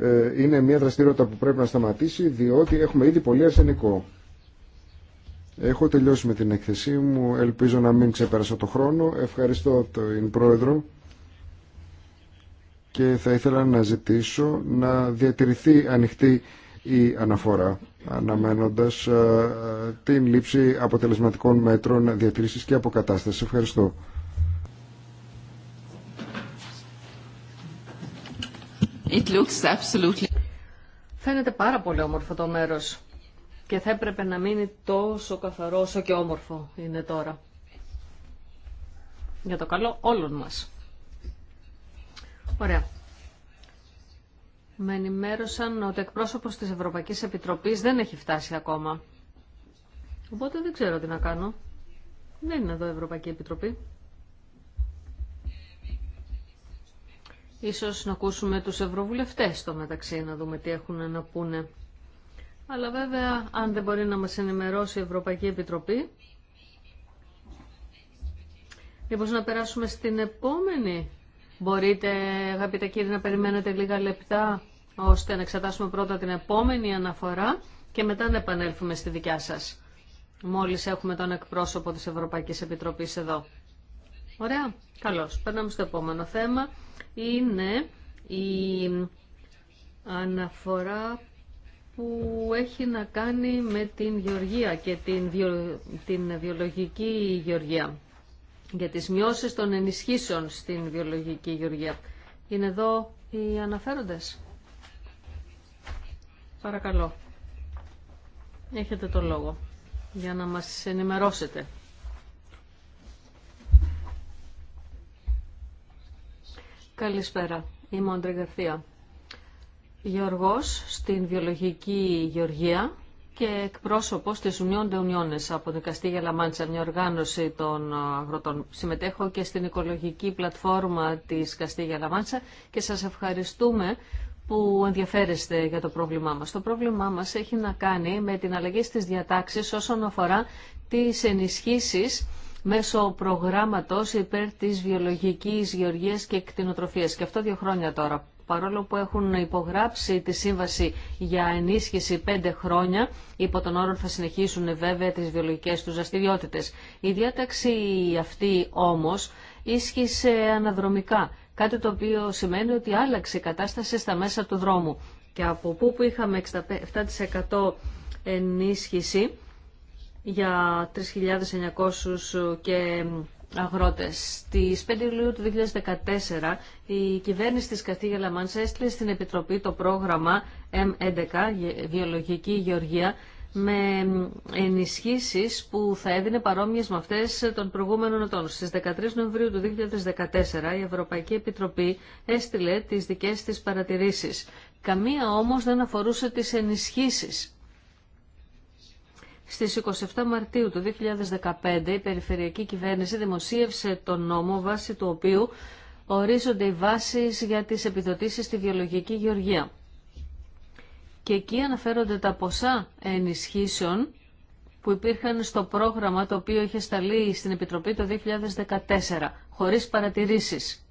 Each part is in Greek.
Ε, είναι μια δραστηριότητα που πρέπει να σταματήσει διότι έχουμε ήδη πολύ αρσενικό. Έχω τελειώσει με την έκθεσή μου, ελπίζω να μην ξεπέρασα το χρόνο. Ευχαριστώ τον Πρόεδρο και θα ήθελα να ζητήσω να διατηρηθεί ανοιχτή η αναφορά αναμένοντας ε, ε, την λήψη αποτελεσματικών μέτρων διατήρησης και αποκατάστασης. Ευχαριστώ. Φαίνεται πάρα πολύ όμορφο το μέρος και θα έπρεπε να μείνει τόσο καθαρό όσο και όμορφο είναι τώρα. Για το καλό όλων μας. Ωραία. Με ενημέρωσαν ότι εκπρόσωπος της Ευρωπαϊκής Επιτροπής δεν έχει φτάσει ακόμα. Οπότε δεν ξέρω τι να κάνω. Δεν είναι εδώ η Ευρωπαϊκή Επιτροπή. Ίσως να ακούσουμε τους ευρωβουλευτές στο μεταξύ, να δούμε τι έχουν να πούνε. Αλλά βέβαια, αν δεν μπορεί να μας ενημερώσει η Ευρωπαϊκή Επιτροπή, μήπως να περάσουμε στην επόμενη. Μπορείτε, αγαπητέ κύριε, να περιμένετε λίγα λεπτά, ώστε να εξετάσουμε πρώτα την επόμενη αναφορά και μετά να επανέλθουμε στη δικιά σας. Μόλις έχουμε τον εκπρόσωπο της Ευρωπαϊκής Επιτροπής εδώ. Ωραία. Καλώς. Περνάμε στο επόμενο θέμα. Είναι η αναφορά που έχει να κάνει με την γεωργία και την, βιο... την βιολογική γεωργία. Για τις μειώσεις των ενισχύσεων στην βιολογική γεωργία. Είναι εδώ οι αναφέροντες. Παρακαλώ. Έχετε το λόγο για να μας ενημερώσετε. Καλησπέρα. Είμαι ο Αντρέ Γαρθία. Γεωργός στην βιολογική γεωργία και εκπρόσωπος της Unión de Uniones από την Καστίγια Λαμάντσα, μια οργάνωση των αγροτών. Συμμετέχω και στην οικολογική πλατφόρμα της Καστίγια Λαμάντσα και σας ευχαριστούμε που ενδιαφέρεστε για το πρόβλημά μας. Το πρόβλημά μας έχει να κάνει με την αλλαγή στις διατάξεις όσον αφορά τις ενισχύσεις μέσω προγράμματος υπέρ της βιολογικής γεωργίας και κτηνοτροφίας. Και αυτό δύο χρόνια τώρα. Παρόλο που έχουν υπογράψει τη σύμβαση για ενίσχυση πέντε χρόνια, υπό τον όρο θα συνεχίσουν βέβαια τις βιολογικές τους δραστηριότητε. Η διάταξη αυτή όμως ίσχυσε αναδρομικά, κάτι το οποίο σημαίνει ότι άλλαξε η κατάσταση στα μέσα του δρόμου. Και από πού που είχαμε 7% ενίσχυση, για 3.900 και αγρότες. Στις 5 Ιουλίου του 2014 η κυβέρνηση της Καθήγια Μάνσα έστειλε στην Επιτροπή το πρόγραμμα M11, Βιολογική Γεωργία, με ενισχύσεις που θα έδινε παρόμοιες με αυτές των προηγούμενων ετών. Στις 13 Νοεμβρίου του 2014 η Ευρωπαϊκή Επιτροπή έστειλε τις δικές της παρατηρήσεις. Καμία όμως δεν αφορούσε τις ενισχύσεις στις 27 Μαρτίου του 2015 η Περιφερειακή Κυβέρνηση δημοσίευσε τον νόμο βάσει του οποίου ορίζονται οι βάσεις για τις επιδοτήσει στη βιολογική γεωργία. Και εκεί αναφέρονται τα ποσά ενισχύσεων που υπήρχαν στο πρόγραμμα το οποίο είχε σταλεί στην Επιτροπή το 2014, χωρίς παρατηρήσεις.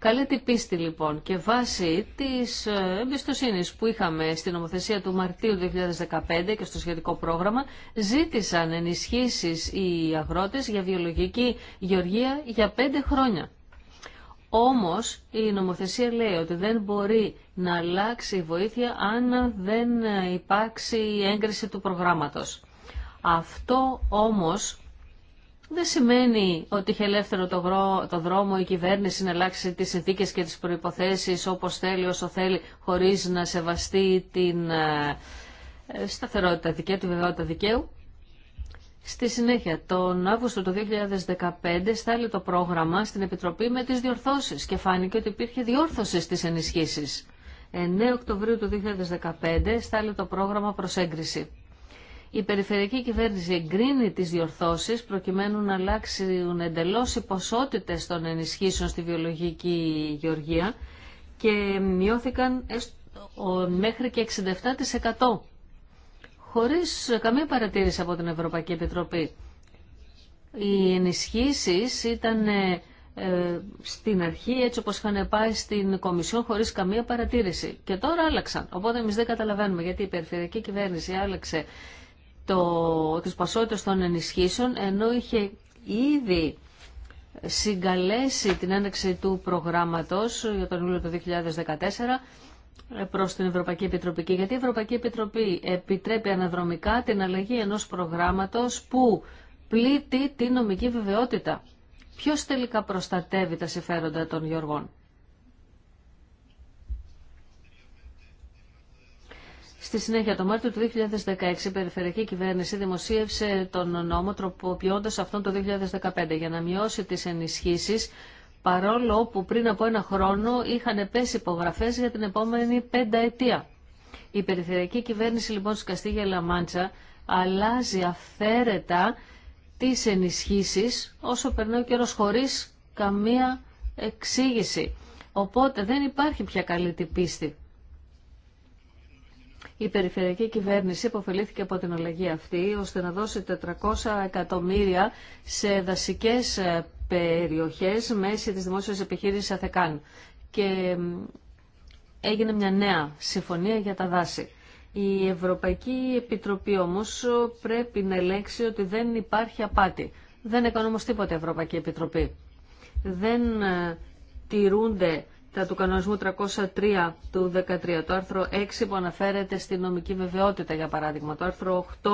Καλή την πίστη λοιπόν και βάσει της ε, εμπιστοσύνη που είχαμε στην νομοθεσία του Μαρτίου 2015 και στο σχετικό πρόγραμμα ζήτησαν ενισχύσεις οι αγρότες για βιολογική γεωργία για πέντε χρόνια. Όμως η νομοθεσία λέει ότι δεν μπορεί να αλλάξει η βοήθεια αν δεν υπάρξει η έγκριση του προγράμματος. Αυτό όμως δεν σημαίνει ότι είχε ελεύθερο το, το δρόμο η κυβέρνηση να αλλάξει τις συνθήκες και τις προϋποθέσεις όπως θέλει, όσο θέλει, χωρίς να σεβαστεί την ε, σταθερότητα δικαίου, τη βεβαιότητα δικαίου. Στη συνέχεια, τον Αύγουστο του 2015 στάλει το πρόγραμμα στην Επιτροπή με τις διορθώσεις και φάνηκε ότι υπήρχε διόρθωση στις ενισχύσεις. 9 Οκτωβρίου του 2015 στάλει το πρόγραμμα προς έγκριση. Η περιφερειακή κυβέρνηση εγκρίνει τις διορθώσεις προκειμένου να αλλάξουν εντελώς οι ποσότητες των ενισχύσεων στη βιολογική γεωργία και μειώθηκαν μέχρι και 67% χωρίς καμία παρατήρηση από την Ευρωπαϊκή Επιτροπή. Οι ενισχύσεις ήταν ε, ε, στην αρχή έτσι όπως είχαν πάει στην Κομισιόν χωρίς καμία παρατήρηση. Και τώρα άλλαξαν. Οπότε εμεί δεν καταλαβαίνουμε γιατί η περιφερειακή κυβέρνηση άλλαξε το ποσότητε των ενισχύσεων, ενώ είχε ήδη συγκαλέσει την έναρξη του προγράμματος για τον Ιούλιο του 2014 ε, προς την Ευρωπαϊκή Επιτροπή. γιατί η Ευρωπαϊκή Επιτροπή επιτρέπει αναδρομικά την αλλαγή ενός προγράμματος που πλήττει την νομική βεβαιότητα. Ποιος τελικά προστατεύει τα συμφέροντα των Γιώργων. Στη συνέχεια, το Μάρτιο του 2016, η Περιφερειακή Κυβέρνηση δημοσίευσε τον νόμο τροποποιώντας αυτόν το 2015 για να μειώσει τις ενισχύσεις παρόλο που πριν από ένα χρόνο είχαν πέσει υπογραφές για την επόμενη πενταετία. Η Περιφερειακή Κυβέρνηση λοιπόν της Καστίγια Λαμάντσα αλλάζει αυθαίρετα τις ενισχύσεις όσο περνάει ο καιρός χωρίς καμία εξήγηση. Οπότε δεν υπάρχει πια καλή την πίστη. Η περιφερειακή κυβέρνηση υποφελήθηκε από την αλλαγή αυτή ώστε να δώσει 400 εκατομμύρια σε δασικές ε, περιοχές μέση της δημόσιας επιχείρησης Αθεκάν. Και έγινε μια νέα συμφωνία για τα δάση. Η Ευρωπαϊκή Επιτροπή όμως πρέπει να ελέγξει ότι δεν υπάρχει απάτη. Δεν έκανε όμως τίποτα η Ευρωπαϊκή Επιτροπή. Δεν ε, τηρούνται τα του κανονισμού 303 του 13, το άρθρο 6 που αναφέρεται στη νομική βεβαιότητα για παράδειγμα, το άρθρο 8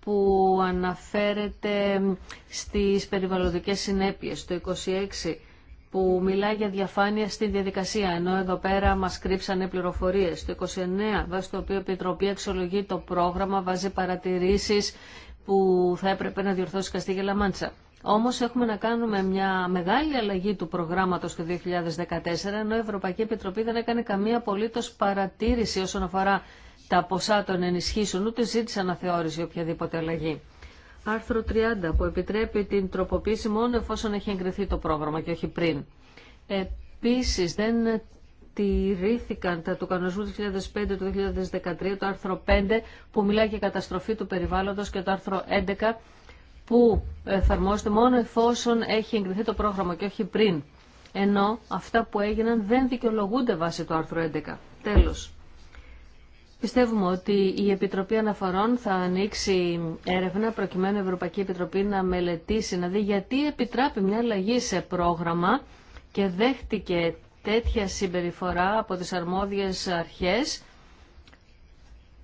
που αναφέρεται στις περιβαλλοντικές συνέπειες, το 26 που μιλά για διαφάνεια στη διαδικασία, ενώ εδώ πέρα μας κρύψανε πληροφορίες. Το 29, βάσει το οποίο η Επιτροπή αξιολογεί το πρόγραμμα, βάζει παρατηρήσεις που θα έπρεπε να διορθώσει η Καστίγελα Μάντσα. Όμως έχουμε να κάνουμε μια μεγάλη αλλαγή του προγράμματος του 2014, ενώ η Ευρωπαϊκή Επιτροπή δεν έκανε καμία απολύτως παρατήρηση όσον αφορά τα ποσά των ενισχύσεων, ούτε ζήτησε αναθεώρηση οποιαδήποτε αλλαγή. Άρθρο 30 που επιτρέπει την τροποποίηση μόνο εφόσον έχει εγκριθεί το πρόγραμμα και όχι πριν. Επίση, δεν τηρήθηκαν τα του κανονισμού του 2005 του 2013, το άρθρο 5 που μιλάει για καταστροφή του περιβάλλοντος και το άρθρο 11 που εφαρμόζεται μόνο εφόσον έχει εγκριθεί το πρόγραμμα και όχι πριν. Ενώ αυτά που έγιναν δεν δικαιολογούνται βάσει του άρθρου 11. Τέλος. Πιστεύουμε ότι η Επιτροπή Αναφορών θα ανοίξει έρευνα προκειμένου η Ευρωπαϊκή Επιτροπή να μελετήσει, να δει γιατί επιτράπει μια αλλαγή σε πρόγραμμα και δέχτηκε τέτοια συμπεριφορά από τις αρμόδιες αρχές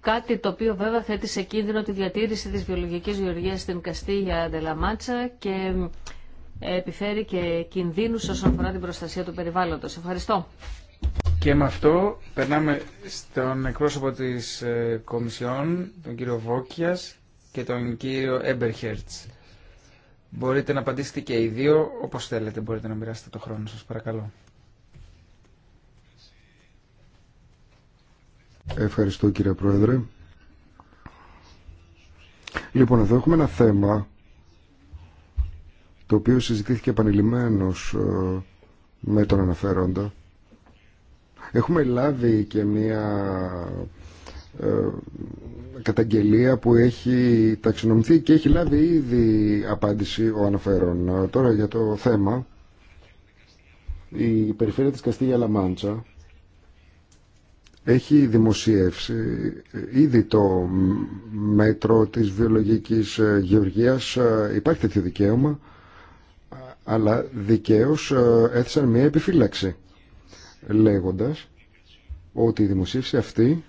Κάτι το οποίο βέβαια θέτει σε κίνδυνο τη διατήρηση της βιολογικής γεωργίας στην Καστίγια Ντελαμάτσα και ε, επιφέρει και κινδύνους όσον αφορά την προστασία του περιβάλλοντος. Ευχαριστώ. Και με αυτό περνάμε στον εκπρόσωπο της ε, Κομισιόν, τον κύριο Βόκιας και τον κύριο Έμπερχερτς. Μπορείτε να απαντήσετε και οι δύο όπως θέλετε. Μπορείτε να μοιράσετε το χρόνο σας, παρακαλώ. Ευχαριστώ κύριε Πρόεδρε. Λοιπόν, εδώ έχουμε ένα θέμα το οποίο συζητήθηκε επανειλημμένως ε, με τον αναφέροντα. Έχουμε λάβει και μία ε, καταγγελία που έχει ταξινομηθεί και έχει λάβει ήδη απάντηση ο αναφέρον. Τώρα για το θέμα, η περιφέρεια της Καστίγια Λαμάντσα έχει δημοσιεύσει ήδη το μέτρο της βιολογικής ε, γεωργίας, ε, υπάρχει τέτοιο δικαίωμα, αλλά δικαίως ε, έθεσαν μια επιφύλαξη, λέγοντας ότι η δημοσίευση αυτή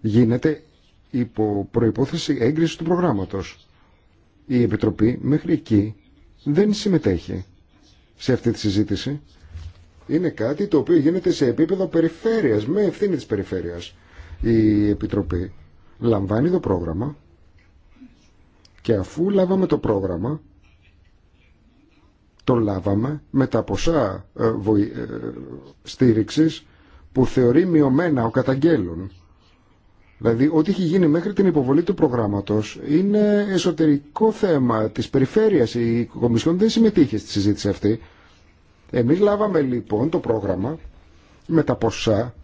γίνεται υπό προϋπόθεση έγκρισης του προγράμματος. Η Επιτροπή μέχρι εκεί δεν συμμετέχει σε αυτή τη συζήτηση είναι κάτι το οποίο γίνεται σε επίπεδο περιφέρειας, με ευθύνη της περιφέρειας. Η Επιτροπή λαμβάνει το πρόγραμμα και αφού λάβαμε το πρόγραμμα, το λάβαμε με τα ποσά ε, ε, στήριξης που θεωρεί μειωμένα ο καταγγέλων. Δηλαδή, ό,τι έχει γίνει μέχρι την υποβολή του προγράμματο είναι εσωτερικό θέμα τη περιφέρεια. Η Κομισιόν δεν συμμετείχε στη συζήτηση αυτή. Εμείς λάβαμε λοιπόν το πρόγραμμα με τα ποσά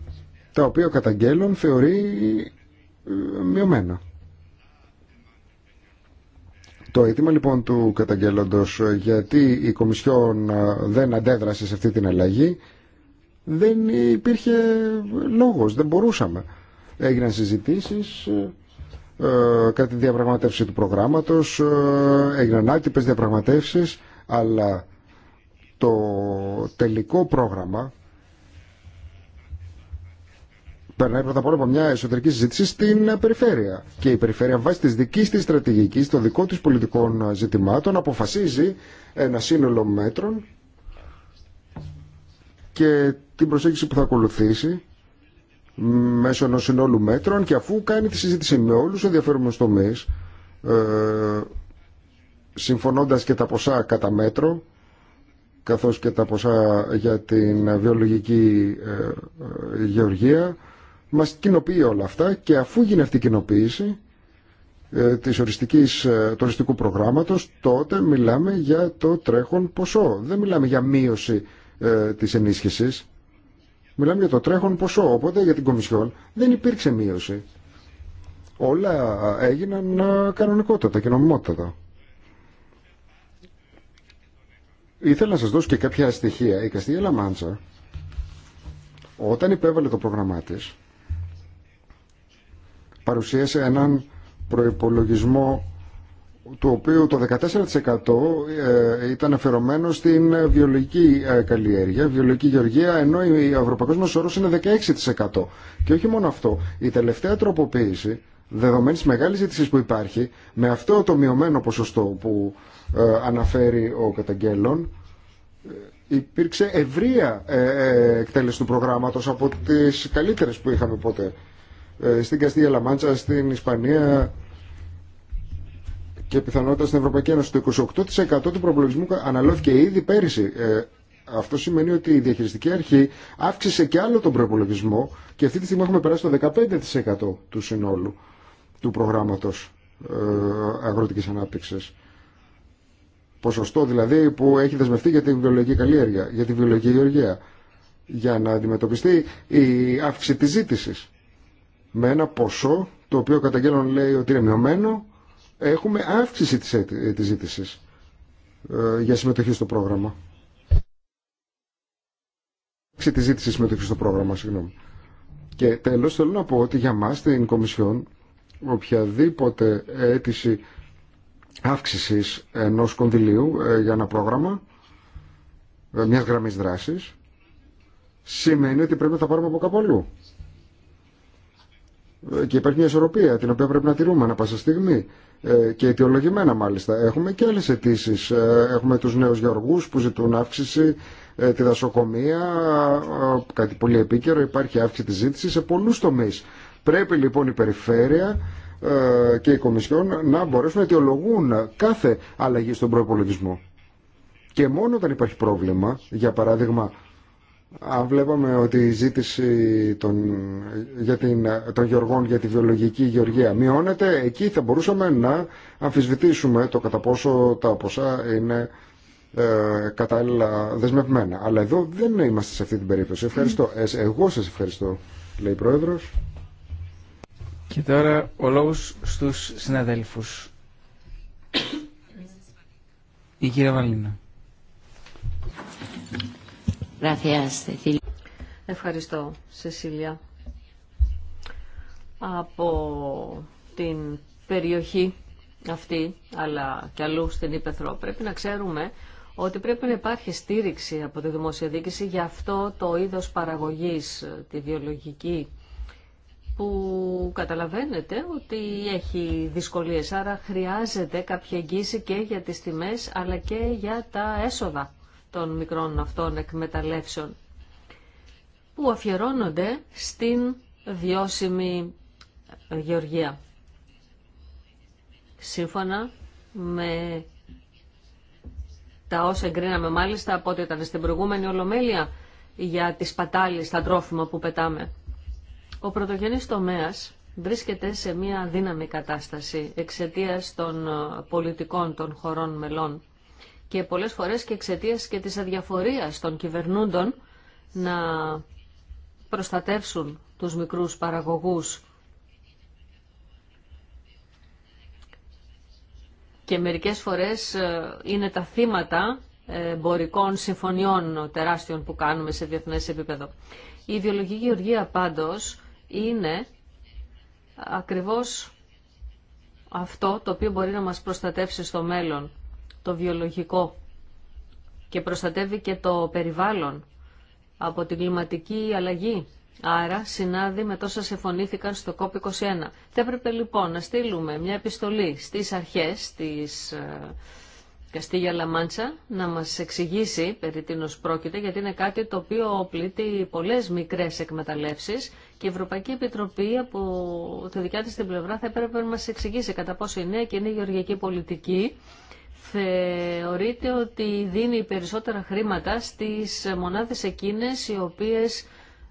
τα οποία ο καταγγέλων θεωρεί ε, μειωμένα. Το αίτημα λοιπόν του καταγγέλλοντος ε, γιατί η Κομισιόν ε, δεν αντέδρασε σε αυτή την αλλαγή δεν υπήρχε λόγος, δεν μπορούσαμε. Έγιναν συζητήσεις κατά τη διαπραγματεύση του προγράμματος, έγιναν άτυπες διαπραγματεύσεις αλλά το τελικό πρόγραμμα περνάει πρώτα απ' όλα από μια εσωτερική συζήτηση στην περιφέρεια. Και η περιφέρεια βάσει τη δική τη στρατηγική, των δικών τη πολιτικών ζητημάτων, αποφασίζει ένα σύνολο μέτρων και την προσέγγιση που θα ακολουθήσει μέσω ενό συνόλου μέτρων και αφού κάνει τη συζήτηση με όλου του ενδιαφέρουμενου τομεί, ε, συμφωνώντα και τα ποσά κατά μέτρο, καθώς και τα ποσά για την βιολογική ε, ε, γεωργία. Μας κοινοποιεί όλα αυτά και αφού γίνει αυτή η κοινοποίηση ε, της οριστικής, του οριστικού προγράμματος, τότε μιλάμε για το τρέχον ποσό. Δεν μιλάμε για μείωση της ενίσχυσης. Μιλάμε για το τρέχον ποσό, οπότε για την Κομισιόν δεν υπήρξε μείωση. Όλα έγιναν κανονικότατα και νομιμότατα. Ήθελα να σας δώσω και κάποια στοιχεία. Η Καστία Λαμάντσα, όταν υπέβαλε το πρόγραμμά της, παρουσίασε έναν προϋπολογισμό του οποίου το 14% ε, ήταν αφαιρωμένο στην ε, βιολογική ε, καλλιέργεια, βιολογική γεωργία, ενώ ο ευρωπαϊκός μας είναι 16%. Και όχι μόνο αυτό, η τελευταία τροποποίηση, δεδομένης μεγάλης ζήτησης που υπάρχει, με αυτό το μειωμένο ποσοστό που ε, αναφέρει ο καταγγέλων ε, υπήρξε ευρεία ε, εκτέλεση του προγράμματος από τις καλύτερες που είχαμε ποτέ στην Καστία Λαμάντσα, στην Ισπανία και πιθανότητα στην Ευρωπαϊκή Ένωση. Το 28% του προπολογισμού αναλώθηκε ήδη πέρυσι. Αυτό σημαίνει ότι η διαχειριστική αρχή αύξησε και άλλο τον προπολογισμό και αυτή τη στιγμή έχουμε περάσει το 15% του συνόλου του προγράμματος αγροτικής ανάπτυξης ποσοστό δηλαδή που έχει δεσμευτεί για την βιολογική καλλιέργεια, για τη βιολογική γεωργία, για να αντιμετωπιστεί η αύξηση της ζήτησης. Με ένα ποσό το οποίο καταγγέλλον λέει ότι είναι μειωμένο, έχουμε αύξηση της, ε, της ζήτησης ε, για συμμετοχή στο πρόγραμμα. Αύξηση της ζήτησης συμμετοχή στο πρόγραμμα, Και τέλος θέλω να πω ότι για μας την Κομισιόν οποιαδήποτε αίτηση αύξησης ενός κονδυλίου ε, για ένα πρόγραμμα ε, μιας γραμμής δράσης σημαίνει ότι πρέπει να τα πάρουμε από κάπου αλλού. Ε, και υπάρχει μια ισορροπία την οποία πρέπει να τηρούμε ανα πάσα στιγμή και αιτιολογημένα μάλιστα. Έχουμε και άλλες αιτήσει. Έχουμε τους νέους γεωργούς που ζητούν αύξηση, τη δασοκομεία, κάτι πολύ επίκαιρο, υπάρχει αύξηση της ζήτησης σε πολλούς τομείς. Πρέπει λοιπόν η περιφέρεια ε, και η Κομισιόν να μπορέσουν να αιτιολογούν κάθε αλλαγή στον προπολογισμό. Και μόνο όταν υπάρχει πρόβλημα, για παράδειγμα, αν βλέπαμε ότι η ζήτηση των, για την, των γεωργών για τη βιολογική γεωργία μειώνεται, εκεί θα μπορούσαμε να αμφισβητήσουμε το κατά πόσο τα ποσά είναι ε, κατάλληλα δεσμευμένα. Αλλά εδώ δεν είμαστε σε αυτή την περίπτωση. Ευχαριστώ. Ε, εγώ σας ευχαριστώ, λέει η Πρόεδρος. Και τώρα ο λόγος στους συναδέλφους. Η κυρία Βαλίνα. Ευχαριστώ, Σεσίλια. Από την περιοχή αυτή, αλλά και αλλού στην Ήπεθρο, πρέπει να ξέρουμε ότι πρέπει να υπάρχει στήριξη από τη δημοσιοδίκηση για αυτό το είδος παραγωγής, τη βιολογική που καταλαβαίνετε ότι έχει δυσκολίες, άρα χρειάζεται κάποια εγγύηση και για τις τιμές αλλά και για τα έσοδα των μικρών αυτών εκμεταλλεύσεων που αφιερώνονται στην βιώσιμη γεωργία. Σύμφωνα με τα όσα εγκρίναμε μάλιστα από ό,τι ήταν στην προηγούμενη Ολομέλεια για τις πατάλεις, τα τρόφιμα που πετάμε. Ο πρωτογενής τομέας βρίσκεται σε μια δύναμη κατάσταση εξαιτίας των ε, πολιτικών των χωρών μελών και πολλές φορές και εξαιτίας και της αδιαφορίας των κυβερνούντων να προστατεύσουν τους μικρούς παραγωγούς και μερικές φορές ε, είναι τα θύματα ε, εμπορικών συμφωνιών τεράστιων που κάνουμε σε διεθνές επίπεδο. Η ιδεολογική γεωργία πάντως είναι ακριβώς αυτό το οποίο μπορεί να μας προστατεύσει στο μέλλον, το βιολογικό και προστατεύει και το περιβάλλον από την κλιματική αλλαγή. Άρα συνάδει με τόσα συμφωνήθηκαν στο COP21. Θα έπρεπε λοιπόν να στείλουμε μια επιστολή στις αρχές της ε, Καστίγια Λαμάντσα να μας εξηγήσει περί τίνος πρόκειται, γιατί είναι κάτι το οποίο πλήττει πολλές μικρές εκμεταλλεύσεις και η Ευρωπαϊκή Επιτροπή από τη δικιά της την πλευρά θα έπρεπε να μας εξηγήσει κατά πόσο η νέα και η νέα γεωργική πολιτική θεωρείται ότι δίνει περισσότερα χρήματα στις μονάδες εκείνες οι οποίες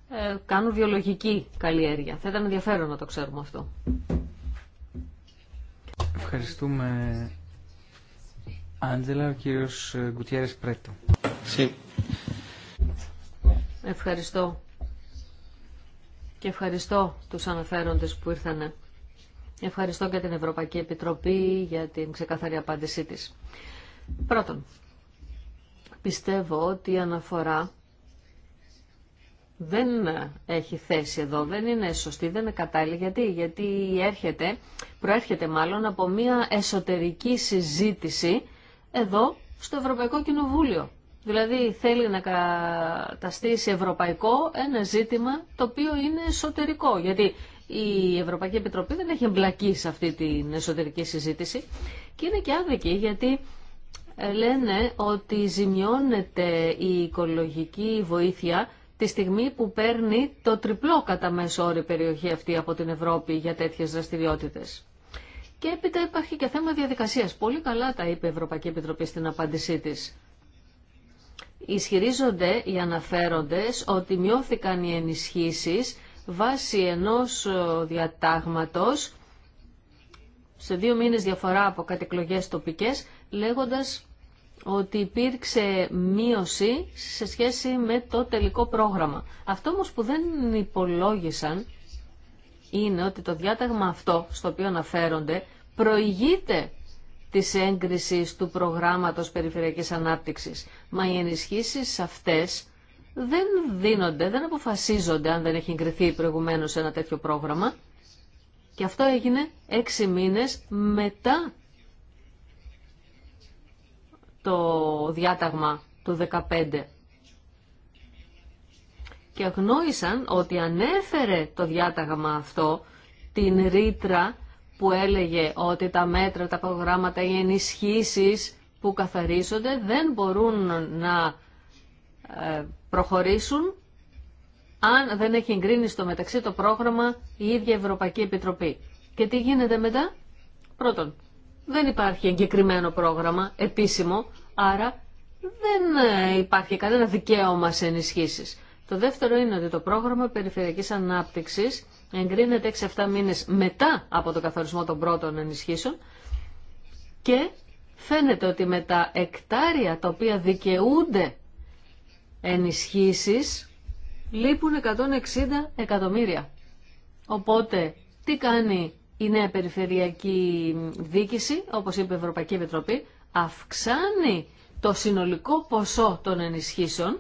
ε, κάνουν βιολογική καλλιέργεια. Θα ήταν ενδιαφέρον να το ξέρουμε αυτό. Ευχαριστούμε ε, ευχαριστώ. Και ευχαριστώ τους αναφέροντες που ήρθαν. Ευχαριστώ και την Ευρωπαϊκή Επιτροπή για την ξεκαθαρή απάντησή της. Πρώτον, πιστεύω ότι η αναφορά δεν έχει θέση εδώ, δεν είναι σωστή, δεν είναι κατάλληλη. Γιατί, γιατί έρχεται, προέρχεται μάλλον από μια εσωτερική συζήτηση εδώ στο Ευρωπαϊκό Κοινοβούλιο. Δηλαδή θέλει να καταστήσει ευρωπαϊκό ένα ζήτημα το οποίο είναι εσωτερικό. Γιατί η Ευρωπαϊκή Επιτροπή δεν έχει εμπλακεί σε αυτή την εσωτερική συζήτηση και είναι και άδικη γιατί ε, λένε ότι ζημιώνεται η οικολογική βοήθεια τη στιγμή που παίρνει το τριπλό κατά μέσο όρο περιοχή αυτή από την Ευρώπη για τέτοιες δραστηριότητες. Και έπειτα υπάρχει και θέμα διαδικασίας. Πολύ καλά τα είπε η Ευρωπαϊκή Επιτροπή στην απάντησή της. Ισχυρίζονται οι αναφέροντες ότι μειώθηκαν οι ενισχύσεις βάσει ενός ε, διατάγματος σε δύο μήνες διαφορά από κατεκλογές τοπικές, λέγοντας ότι υπήρξε μείωση σε σχέση με το τελικό πρόγραμμα. Αυτό όμως που δεν υπολόγισαν είναι ότι το διάταγμα αυτό στο οποίο αναφέρονται προηγείται της έγκρισης του προγράμματος περιφερειακής ανάπτυξης. Μα οι ενισχύσεις αυτές δεν δίνονται, δεν αποφασίζονται αν δεν έχει εγκριθεί προηγουμένως ένα τέτοιο πρόγραμμα. Και αυτό έγινε έξι μήνες μετά το διάταγμα του 2015. Και γνώρισαν ότι ανέφερε το διάταγμα αυτό την ρήτρα που έλεγε ότι τα μέτρα, τα προγράμματα, οι ενισχύσεις που καθαρίζονται δεν μπορούν να ε, προχωρήσουν αν δεν έχει εγκρίνει στο μεταξύ το πρόγραμμα η ίδια Ευρωπαϊκή Επιτροπή. Και τι γίνεται μετά? Πρώτον, δεν υπάρχει εγκεκριμένο πρόγραμμα επίσημο, άρα δεν ε, υπάρχει κανένα δικαίωμα σε ενισχύσεις. Το δεύτερο είναι ότι το πρόγραμμα περιφερειακής ανάπτυξης εγκρίνεται 6-7 μήνες μετά από το καθορισμό των πρώτων ενισχύσεων και φαίνεται ότι με τα εκτάρια τα οποία δικαιούνται ενισχύσεις λείπουν 160 εκατομμύρια. Οπότε τι κάνει η νέα περιφερειακή δίκηση, όπως είπε η Ευρωπαϊκή Επιτροπή, αυξάνει το συνολικό ποσό των ενισχύσεων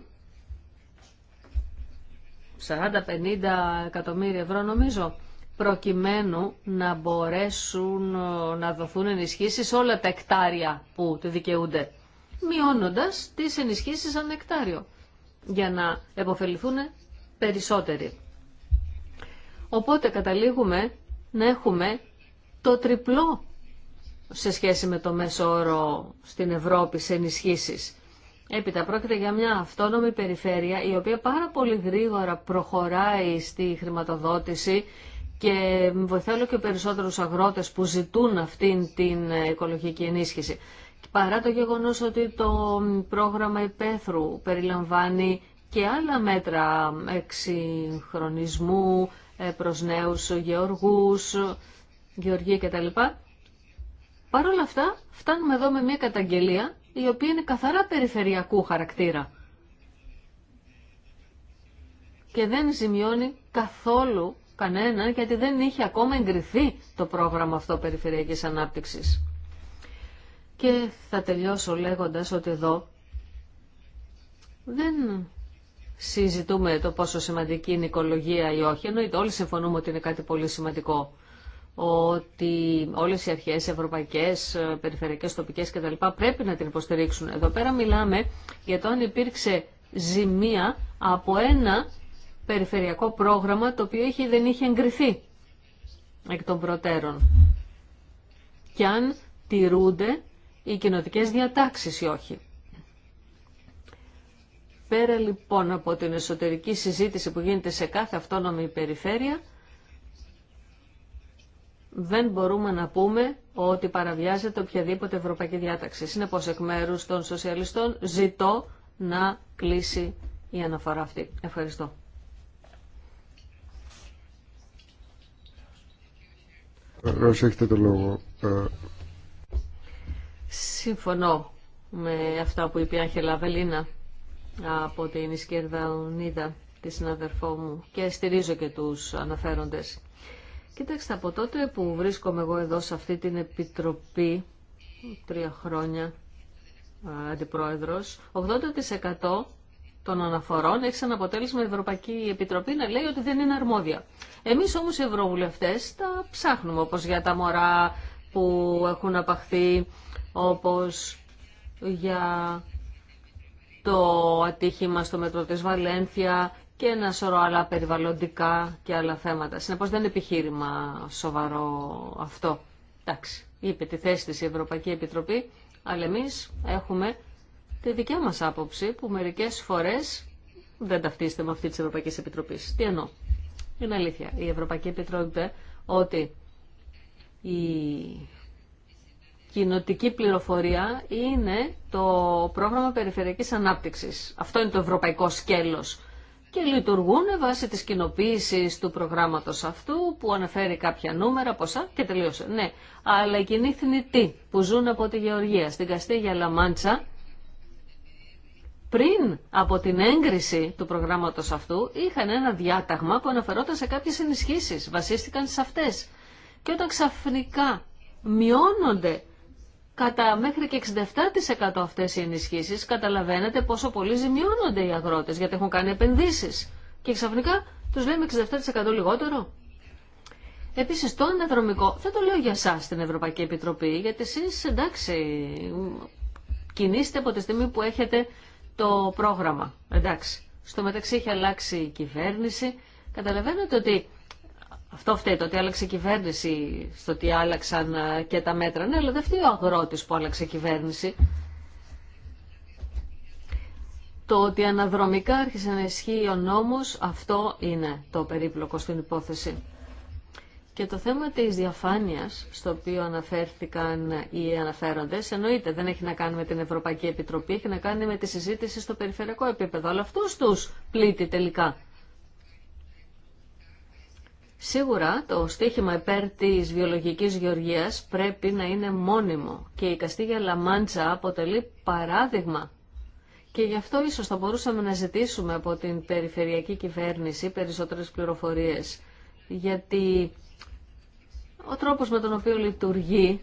40-50 εκατομμύρια ευρώ νομίζω προκειμένου να μπορέσουν ε, να δοθούν ενισχύσεις όλα τα εκτάρια που τη δικαιούνται, μειώνοντας τις ενισχύσεις ανεκτάριο εκτάριο, για να επωφεληθούν περισσότεροι. Οπότε καταλήγουμε να έχουμε το τριπλό σε σχέση με το μέσο όρο στην Ευρώπη σε ενισχύσεις. Έπειτα πρόκειται για μια αυτόνομη περιφέρεια η οποία πάρα πολύ γρήγορα προχωράει στη χρηματοδότηση και βοηθάει και περισσότερους αγρότες που ζητούν αυτήν την ε, οικολογική ενίσχυση. Παρά το γεγονός ότι το πρόγραμμα υπαίθρου περιλαμβάνει και άλλα μέτρα εξυγχρονισμού ε, προς νέους γεωργούς, γεωργοί κτλ. Παρ' όλα αυτά φτάνουμε εδώ με μια καταγγελία η οποία είναι καθαρά περιφερειακού χαρακτήρα και δεν ζημιώνει καθόλου κανέναν γιατί δεν είχε ακόμα εγκριθεί το πρόγραμμα αυτό περιφερειακής ανάπτυξης. Και θα τελειώσω λέγοντας ότι εδώ δεν συζητούμε το πόσο σημαντική είναι η οικολογία ή όχι, εννοείται όλοι συμφωνούμε ότι είναι κάτι πολύ σημαντικό ότι όλες οι αρχές ευρωπαϊκές, περιφερειακές, τοπικές κτλ. πρέπει να την υποστηρίξουν. Εδώ πέρα μιλάμε για το αν υπήρξε ζημία από ένα περιφερειακό πρόγραμμα το οποίο δεν είχε εγκριθεί εκ των προτέρων. Και αν τηρούνται οι κοινοτικέ διατάξεις ή όχι. Πέρα λοιπόν από την εσωτερική συζήτηση που γίνεται σε κάθε αυτόνομη περιφέρεια, δεν μπορούμε να πούμε ότι παραβιάζεται οποιαδήποτε ευρωπαϊκή διάταξη. Συνεπώ, εκ μέρου των σοσιαλιστών ζητώ να κλείσει η αναφορά αυτή. Ευχαριστώ. το λόγο. Ε, Συμφωνώ με αυτά που είπε η Βελίνα από την Ισκέρδα τη συναδερφό μου, και στηρίζω και τους αναφέροντες. Κοιτάξτε, από τότε που βρίσκομαι εγώ εδώ σε αυτή την επιτροπή, τρία χρόνια αντιπρόεδρος, 80% των αναφορών έχει σαν αποτέλεσμα η Ευρωπαϊκή Επιτροπή να λέει ότι δεν είναι αρμόδια. Εμείς όμως οι ευρωβουλευτές τα ψάχνουμε, όπως για τα μωρά που έχουν απαχθεί, όπως για το ατύχημα στο μετρό της Βαλένθια και ένα σωρό άλλα περιβαλλοντικά και άλλα θέματα. Συνεπώς δεν είναι επιχείρημα σοβαρό αυτό. Εντάξει, είπε τη θέση της η Ευρωπαϊκή Επιτροπή, αλλά εμείς έχουμε τη δικιά μας άποψη που μερικές φορές δεν ταυτίζεται με αυτή της Ευρωπαϊκής Επιτροπής. Τι εννοώ. Είναι αλήθεια. Η Ευρωπαϊκή Επιτροπή ότι η κοινοτική πληροφορία είναι το πρόγραμμα περιφερειακής ανάπτυξης. Αυτό είναι το ευρωπαϊκό σκέλος και λειτουργούν βάσει της κοινοποίηση του προγράμματος αυτού που αναφέρει κάποια νούμερα, ποσά και τελείωσε. Ναι, αλλά οι κοινοί θνητοί που ζουν από τη Γεωργία στην Καστίγια Λαμάντσα πριν από την έγκριση του προγράμματος αυτού είχαν ένα διάταγμα που αναφερόταν σε κάποιες ενισχύσεις, βασίστηκαν σε αυτές. Και όταν ξαφνικά μειώνονται κατά μέχρι και 67% αυτές οι ενισχύσεις, καταλαβαίνετε πόσο πολύ ζημιώνονται οι αγρότες γιατί έχουν κάνει επενδύσεις. Και ξαφνικά τους λέμε 67% λιγότερο. Επίσης το αναδρομικό, θα το λέω για σας στην Ευρωπαϊκή Επιτροπή, γιατί εσείς εντάξει κινήστε από τη στιγμή που έχετε το πρόγραμμα. Εντάξει, στο μεταξύ έχει αλλάξει η κυβέρνηση. Καταλαβαίνετε ότι αυτό φταίει το ότι άλλαξε η κυβέρνηση, στο ότι άλλαξαν ε, και τα μέτρα. Ναι, αλλά δεν φταίει ο αγρότης που άλλαξε η κυβέρνηση. Το ότι αναδρομικά άρχισε να ισχύει ο νόμος, αυτό είναι το περίπλοκο στην υπόθεση. Και το θέμα της διαφάνειας, στο οποίο αναφέρθηκαν οι αναφέροντες, εννοείται δεν έχει να κάνει με την Ευρωπαϊκή Επιτροπή, έχει να κάνει με τη συζήτηση στο περιφερειακό επίπεδο. Αλλά αυτούς τους πλήττει τελικά. Σίγουρα το στίχημα υπέρ της βιολογικής γεωργίας πρέπει να είναι μόνιμο και η Καστίγια Λαμάντσα αποτελεί παράδειγμα. Και γι' αυτό ίσως θα μπορούσαμε να ζητήσουμε από την περιφερειακή κυβέρνηση περισσότερες πληροφορίες. Γιατί ο τρόπος με τον οποίο λειτουργεί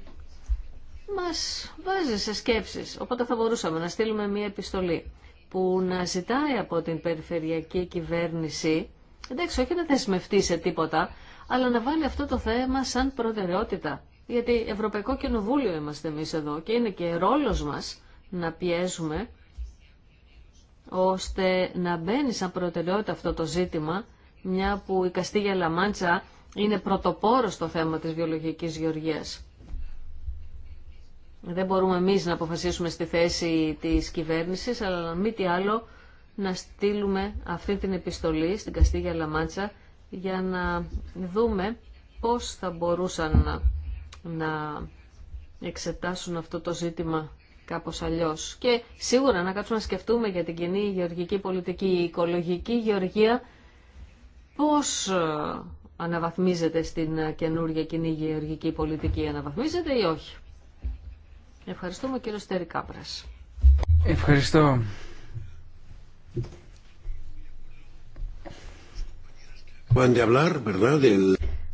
μας βάζει σε σκέψεις. Οπότε θα μπορούσαμε να στείλουμε μία επιστολή που να ζητάει από την περιφερειακή κυβέρνηση εντάξει όχι να θεσμευτεί σε τίποτα, αλλά να βάλει αυτό το θέμα σαν προτεραιότητα. Γιατί Ευρωπαϊκό Κοινοβούλιο είμαστε εμείς εδώ και είναι και ρόλος μας να πιέζουμε ώστε να μπαίνει σαν προτεραιότητα αυτό το ζήτημα, μια που η Καστίγια Λαμάντσα είναι πρωτοπόρο στο θέμα της βιολογικής γεωργίας. Δεν μπορούμε εμείς να αποφασίσουμε στη θέση της κυβέρνησης, αλλά μη τι άλλο να στείλουμε αυτή την επιστολή στην Καστίγια Λαμάντσα για να δούμε πώς θα μπορούσαν να εξετάσουν αυτό το ζήτημα κάπως αλλιώς. Και σίγουρα να κάτσουμε να σκεφτούμε για την κοινή γεωργική πολιτική, η οικολογική γεωργία, πώς ε, αναβαθμίζεται στην ε, καινούργια κοινή γεωργική πολιτική, αναβαθμίζεται ή όχι. Ευχαριστούμε κύριο Στέρη Ευχαριστώ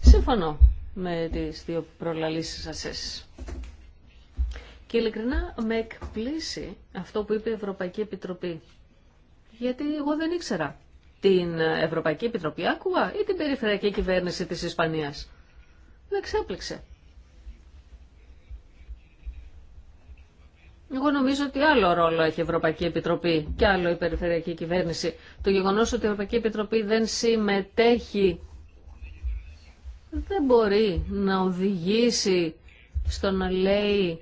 Συμφωνώ με τις δύο προλαλήσεις σας. Και ειλικρινά με εκπλήσει αυτό που είπε η Ευρωπαϊκή Επιτροπή. Γιατί εγώ δεν ήξερα την Ευρωπαϊκή Επιτροπή, άκουγα, ή την Περιφερειακή Κυβέρνηση της Ισπανίας. Με εξέπληξε. Εγώ νομίζω ότι άλλο ρόλο έχει η Ευρωπαϊκή Επιτροπή και άλλο η Περιφερειακή Κυβέρνηση. Το γεγονό ότι η Ευρωπαϊκή Επιτροπή δεν συμμετέχει δεν μπορεί να οδηγήσει στο να λέει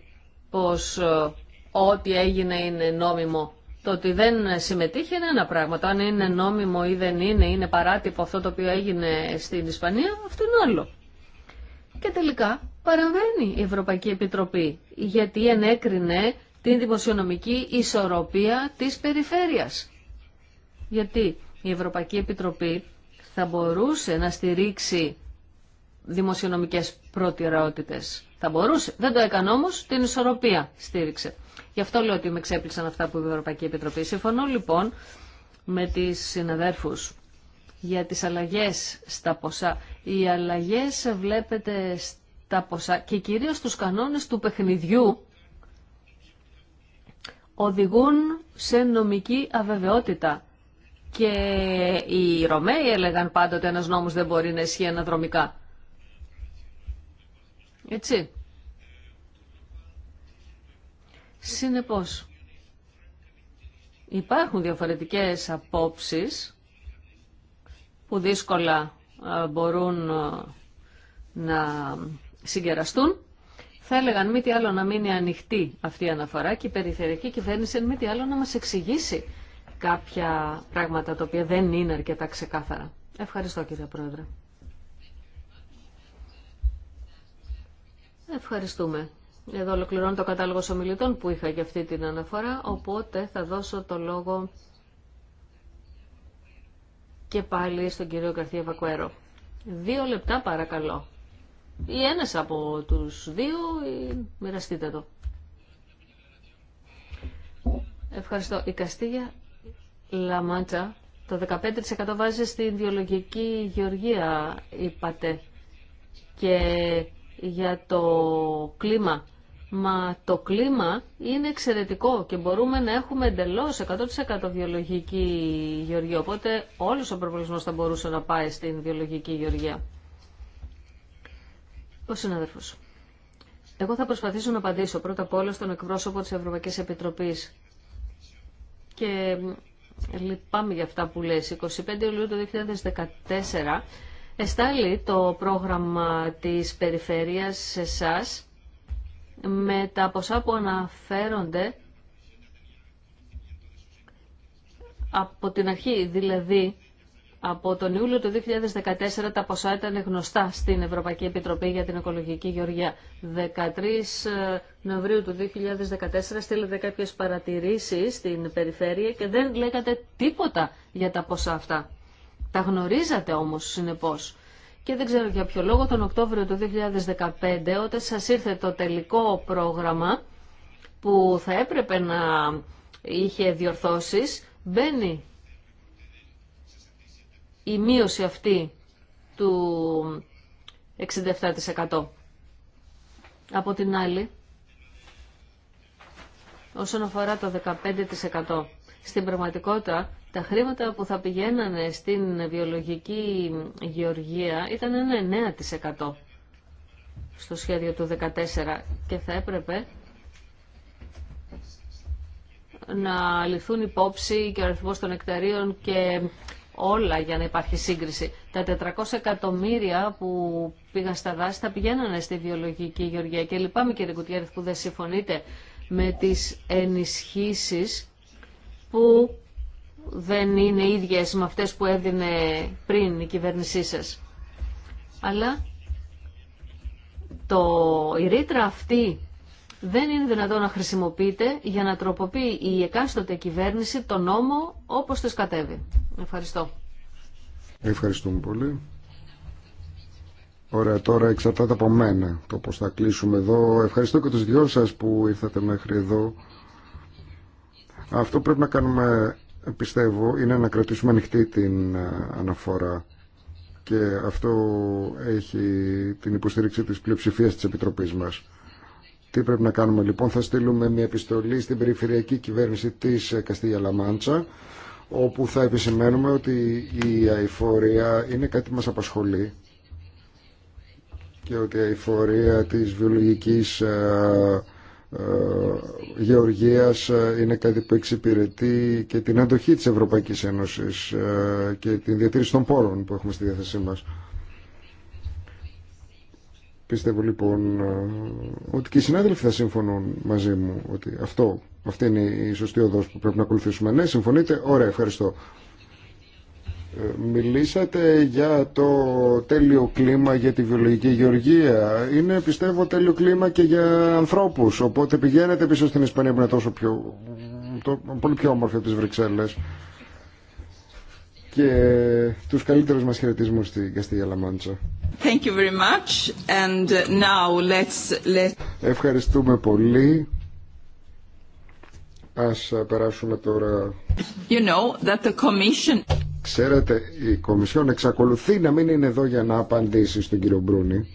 πως ε, ό,τι έγινε είναι νόμιμο. Το ότι δεν συμμετείχε είναι ένα πράγμα. Το αν είναι νόμιμο ή δεν είναι, είναι παράτυπο αυτό το οποίο έγινε στην Ισπανία, αυτό είναι άλλο. Και τελικά παρεμβαίνει η Ευρωπαϊκή Επιτροπή, γιατί ενέκρινε την δημοσιονομική ισορροπία της περιφέρειας. Γιατί η Ευρωπαϊκή Επιτροπή θα μπορούσε να στηρίξει δημοσιονομικές προτεραιότητες. Θα μπορούσε. Δεν το έκανε όμω, την ισορροπία στήριξε. Γι' αυτό λέω ότι με ξέπλυσαν αυτά που η Ευρωπαϊκή Επιτροπή. Συμφωνώ λοιπόν με τις συναδέρφους για τις αλλαγές στα ποσά. Οι αλλαγές βλέπετε στα ποσά και κυρίως στους κανόνες του παιχνιδιού οδηγούν σε νομική αβεβαιότητα. Και οι Ρωμαίοι έλεγαν πάντοτε ένας νόμος δεν μπορεί να ισχύει αναδρομικά. Έτσι. Συνεπώς, υπάρχουν διαφορετικές απόψεις που δύσκολα ε, μπορούν ε, να συγκεραστούν θα έλεγαν μη τι άλλο να μείνει ανοιχτή αυτή η αναφορά και η περιφερειακή κυβέρνηση μη τι άλλο να μας εξηγήσει κάποια πράγματα τα οποία δεν είναι αρκετά ξεκάθαρα. Ευχαριστώ κύριε Πρόεδρε. Ευχαριστούμε. Εδώ ολοκληρώνω το κατάλογο ομιλητών που είχα για αυτή την αναφορά, οπότε θα δώσω το λόγο και πάλι στον κύριο Καρθία Βακουέρο. Δύο λεπτά παρακαλώ ή ένας από τους δύο ή μοιραστείτε το. Ευχαριστώ. Η Καστίγια Λαμάντσα το 15% βάζει στην βιολογική γεωργία, είπατε. Και για το κλίμα. Μα το κλίμα είναι εξαιρετικό και μπορούμε να έχουμε εντελώ 100% βιολογική γεωργία. Οπότε όλος ο προβολισμό θα μπορούσε να πάει στην βιολογική γεωργία. Ο συνάδελφος. Εγώ θα προσπαθήσω να απαντήσω πρώτα απ' όλα στον εκπρόσωπο της Ευρωπαϊκής Επιτροπής. Και λυπάμαι για αυτά που λες. 25 Ιουλίου του 2014 εστάλει το πρόγραμμα της περιφέρειας σε εσά με τα ποσά που αναφέρονται από την αρχή, δηλαδή από τον Ιούλιο του 2014 τα ποσά ήταν γνωστά στην Ευρωπαϊκή Επιτροπή για την Οικολογική Γεωργία. 13 ε, Νοεμβρίου του 2014 στείλετε κάποιες παρατηρήσεις στην περιφέρεια και δεν λέγατε τίποτα για τα ποσά αυτά. Τα γνωρίζατε όμως συνεπώς. Και δεν ξέρω για ποιο λόγο τον Οκτώβριο του 2015 όταν σας ήρθε το τελικό πρόγραμμα που θα έπρεπε να είχε διορθώσεις, μπαίνει η μείωση αυτή του 67%. Από την άλλη, όσον αφορά το 15%, στην πραγματικότητα τα χρήματα που θα πηγαίνανε στην βιολογική γεωργία ήταν ένα 9% στο σχέδιο του 14 και θα έπρεπε να ληφθούν υπόψη και ο αριθμός των εκταρίων και όλα για να υπάρχει σύγκριση. Τα 400 εκατομμύρια που πήγαν στα δάση θα πηγαίνανε στη βιολογική γεωργία. Και λυπάμαι κύριε Κουτιέρη που δεν συμφωνείτε με τις ενισχύσεις που δεν είναι ίδιες με αυτές που έδινε πριν η κυβέρνησή σας. Αλλά το, η ρήτρα αυτή δεν είναι δυνατόν να χρησιμοποιείται για να τροποποιεί η εκάστοτε κυβέρνηση τον νόμο όπως το κατέβει. Ευχαριστώ. Ευχαριστούμε πολύ. Ωραία, τώρα εξαρτάται από μένα το πώς θα κλείσουμε εδώ. Ευχαριστώ και τους δυο σας που ήρθατε μέχρι εδώ. Αυτό πρέπει να κάνουμε, πιστεύω, είναι να κρατήσουμε ανοιχτή την ε, αναφορά και αυτό έχει την υποστήριξη της πλειοψηφίας της Επιτροπής μας. Τι πρέπει να κάνουμε λοιπόν, θα στείλουμε μια επιστολή στην περιφερειακή κυβέρνηση της Καστίγια Λαμάντσα όπου θα επισημαίνουμε ότι η αηφορία είναι κάτι που μας απασχολεί και ότι η αηφορία της βιολογικής ε, ε, γεωργίας ε, είναι κάτι που εξυπηρετεί και την αντοχή της Ευρωπαϊκής Ένωσης και την διατήρηση των πόρων που έχουμε στη διάθεσή μας. Πιστεύω λοιπόν ε, ότι και οι συνάδελφοι θα συμφωνούν μαζί μου ότι αυτό, αυτή είναι η σωστή οδός που πρέπει να ακολουθήσουμε. Ναι, συμφωνείτε. Ωραία, ευχαριστώ. Ε, μιλήσατε για το τέλειο κλίμα για τη βιολογική γεωργία. Είναι πιστεύω τέλειο κλίμα και για ανθρώπου. Οπότε πηγαίνετε πίσω στην Ισπανία που είναι τόσο πιο, το, πολύ πιο όμορφη από τι Βρυξέλλε και τους καλύτερους μας χαιρετισμού στην Καστίγια Λαμάντσα. you very much. And now let's, let's... Ευχαριστούμε πολύ. Ας περάσουμε τώρα... You know that the commission... Ξέρετε, η Κομισιόν εξακολουθεί να μην είναι εδώ για να απαντήσει στον κύριο Μπρούνη.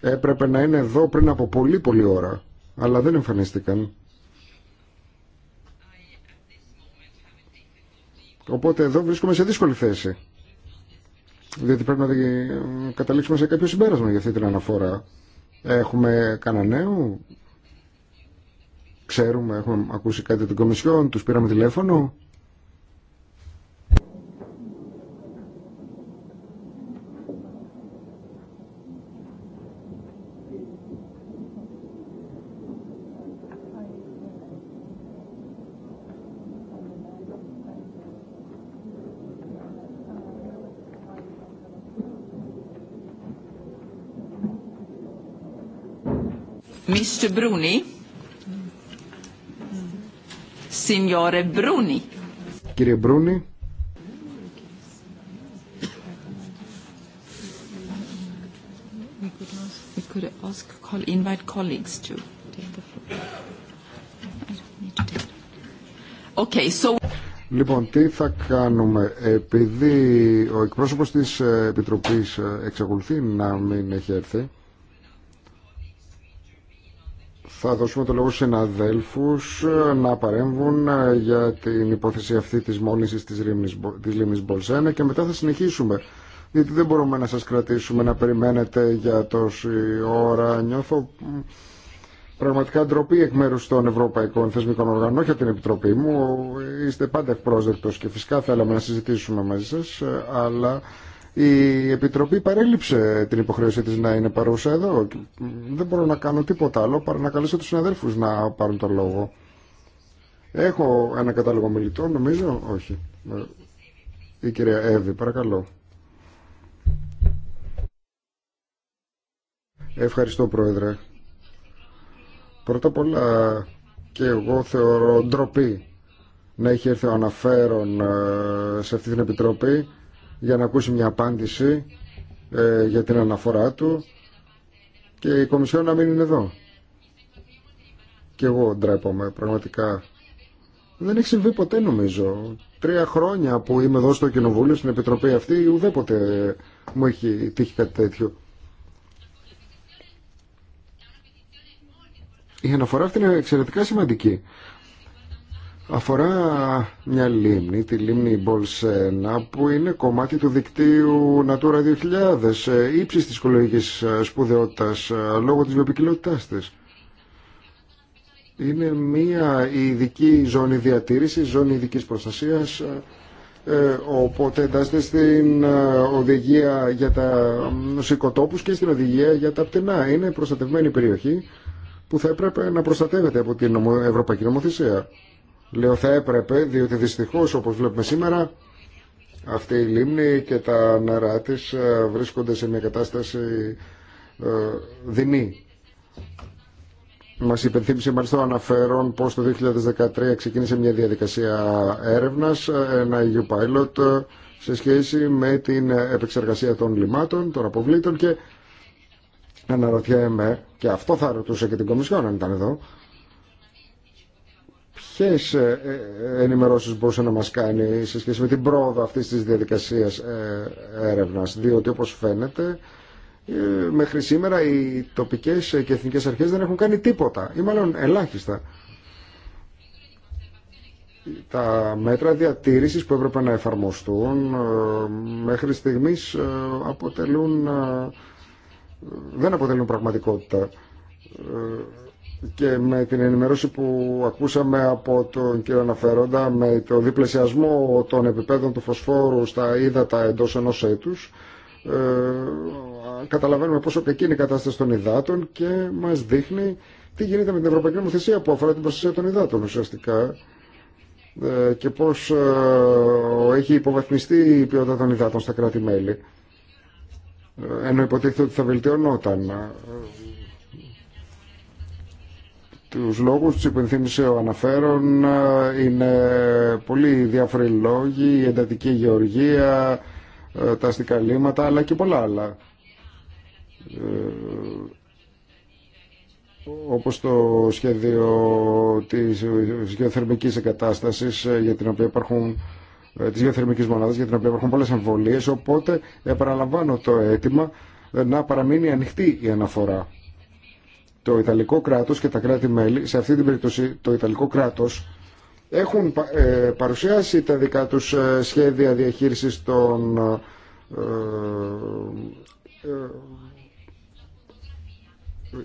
Έπρεπε να είναι εδώ πριν από πολύ πολύ ώρα, αλλά δεν εμφανίστηκαν. Οπότε εδώ βρίσκομαι σε δύσκολη θέση. Διότι πρέπει να καταλήξουμε σε κάποιο συμπέρασμα για αυτή την αναφορά. Έχουμε κανένα νέο. Ξέρουμε, έχουμε ακούσει κάτι την Κομισιόν, τους πήραμε τηλέφωνο. Κύριε Μπρούνι. Λοιπόν, τι θα κάνουμε. Επειδή ο εκπρόσωπος της Επιτροπής ε, εξακολουθεί να μην έχει έρθει, θα δώσουμε το λόγο σε αδέλφους ε, να παρέμβουν ε, για την υπόθεση αυτή της μόλυνσης της λίμνης, της Μπολσένα και μετά θα συνεχίσουμε. Γιατί δεν μπορούμε να σας κρατήσουμε να περιμένετε για τόση ώρα. Νιώθω πραγματικά ντροπή εκ μέρους των Ευρωπαϊκών Θεσμικών Οργανών, όχι από την Επιτροπή μου. Είστε πάντα ευπρόσδεκτος και φυσικά θέλαμε να συζητήσουμε μαζί σας, ε, αλλά η Επιτροπή παρέλειψε την υποχρέωσή της να είναι παρούσα εδώ. Δεν μπορώ να κάνω τίποτα άλλο παρά να καλέσω τους συναδέλφους να πάρουν το λόγο. Έχω ένα κατάλογο μιλητών, νομίζω. Όχι. Η κυρία Εύη, παρακαλώ. Ευχαριστώ, Πρόεδρε. Πρώτα απ' όλα και εγώ θεωρώ ντροπή να έχει έρθει ο αναφέρον ε, σε αυτή την Επιτροπή για να ακούσει μια απάντηση ε, για την αναφορά του και η Κομισιόν να μην είναι εδώ. Και εγώ ντρέπομαι πραγματικά. Δεν έχει συμβεί ποτέ νομίζω. Τρία χρόνια που είμαι εδώ στο Κοινοβούλιο, στην Επιτροπή αυτή, ουδέποτε μου έχει τύχει κάτι τέτοιο. Η αναφορά αυτή είναι εξαιρετικά σημαντική αφορά μια λίμνη, τη λίμνη Μπολσένα, που είναι κομμάτι του δικτύου Natura 2000, ε, ύψης της οικολογικής ε, σπουδαιότητας ε, λόγω της βιοποικιλότητάς της. Είναι μια ειδική ζώνη διατήρησης, ζώνη ειδικής προστασίας, οπότε εντάσσεται στην οδηγία για τα σηκωτόπους και στην οδηγία για τα πτενά. Είναι προστατευμένη περιοχή που θα έπρεπε να προστατεύεται από την Ευρωπαϊκή Νομοθεσία. Λέω θα έπρεπε, διότι δυστυχώς όπως βλέπουμε σήμερα αυτή η λίμνη και τα νερά της ε, βρίσκονται σε μια κατάσταση ε, δεινή. Μας υπενθύμισε μάλιστα ο αναφέρον πως το 2013 ξεκίνησε μια διαδικασία έρευνας, ένα EU pilot ε, σε σχέση με την επεξεργασία των λιμάτων, των αποβλήτων και αναρωτιέμαι, και αυτό θα ρωτούσα και την Κομισιόν αν ήταν εδώ, Ποιε ε, ε, ενημερώσεις μπορούσε να μας κάνει σε σχέση με την πρόοδο αυτής της διαδικασία ε, έρευνα. διότι όπω φαίνεται μέχρι σήμερα οι τοπικές και εθνικέ αρχές δεν έχουν κάνει τίποτα ή μάλλον ελάχιστα. Τα μέτρα διατήρησης που έπρεπε να εφαρμοστούν μέχρι στιγμής αποτελούν, δεν αποτελούν πραγματικότητα και με την ενημερώση που ακούσαμε από τον κύριο Αναφερόντα με το διπλασιασμό των επιπέδων του φωσφόρου στα ύδατα εντός ενός έτους ε, καταλαβαίνουμε πόσο κακή είναι η κατάσταση των υδάτων και μας δείχνει τι γίνεται με την Ευρωπαϊκή Νομοθεσία που αφορά την προστασία των υδάτων ουσιαστικά ε, και πώς ε, έχει υποβαθμιστεί η ποιότητα των υδάτων στα κράτη-μέλη ε, ενώ υποτίθεται ότι θα βελτιωνόταν τους λόγους τους υπενθύμισε ο αναφέρον είναι πολύ διάφοροι λόγοι, η εντατική γεωργία, ε, τα αστικά λύματα αλλά και πολλά άλλα. Ε, όπως το σχέδιο της γεωθερμικής εγκατάστασης ε, για την οποία υπάρχουν της γεωθερμικής μονάδας για την οποία υπάρχουν πολλές εμβολίες οπότε επαναλαμβάνω το αίτημα να παραμείνει ανοιχτή η αναφορά το Ιταλικό κράτος και τα κράτη-μέλη, σε αυτή την περίπτωση το Ιταλικό κράτος, έχουν ε, παρουσιάσει τα δικά τους ε, σχέδια διαχείρισης των ε,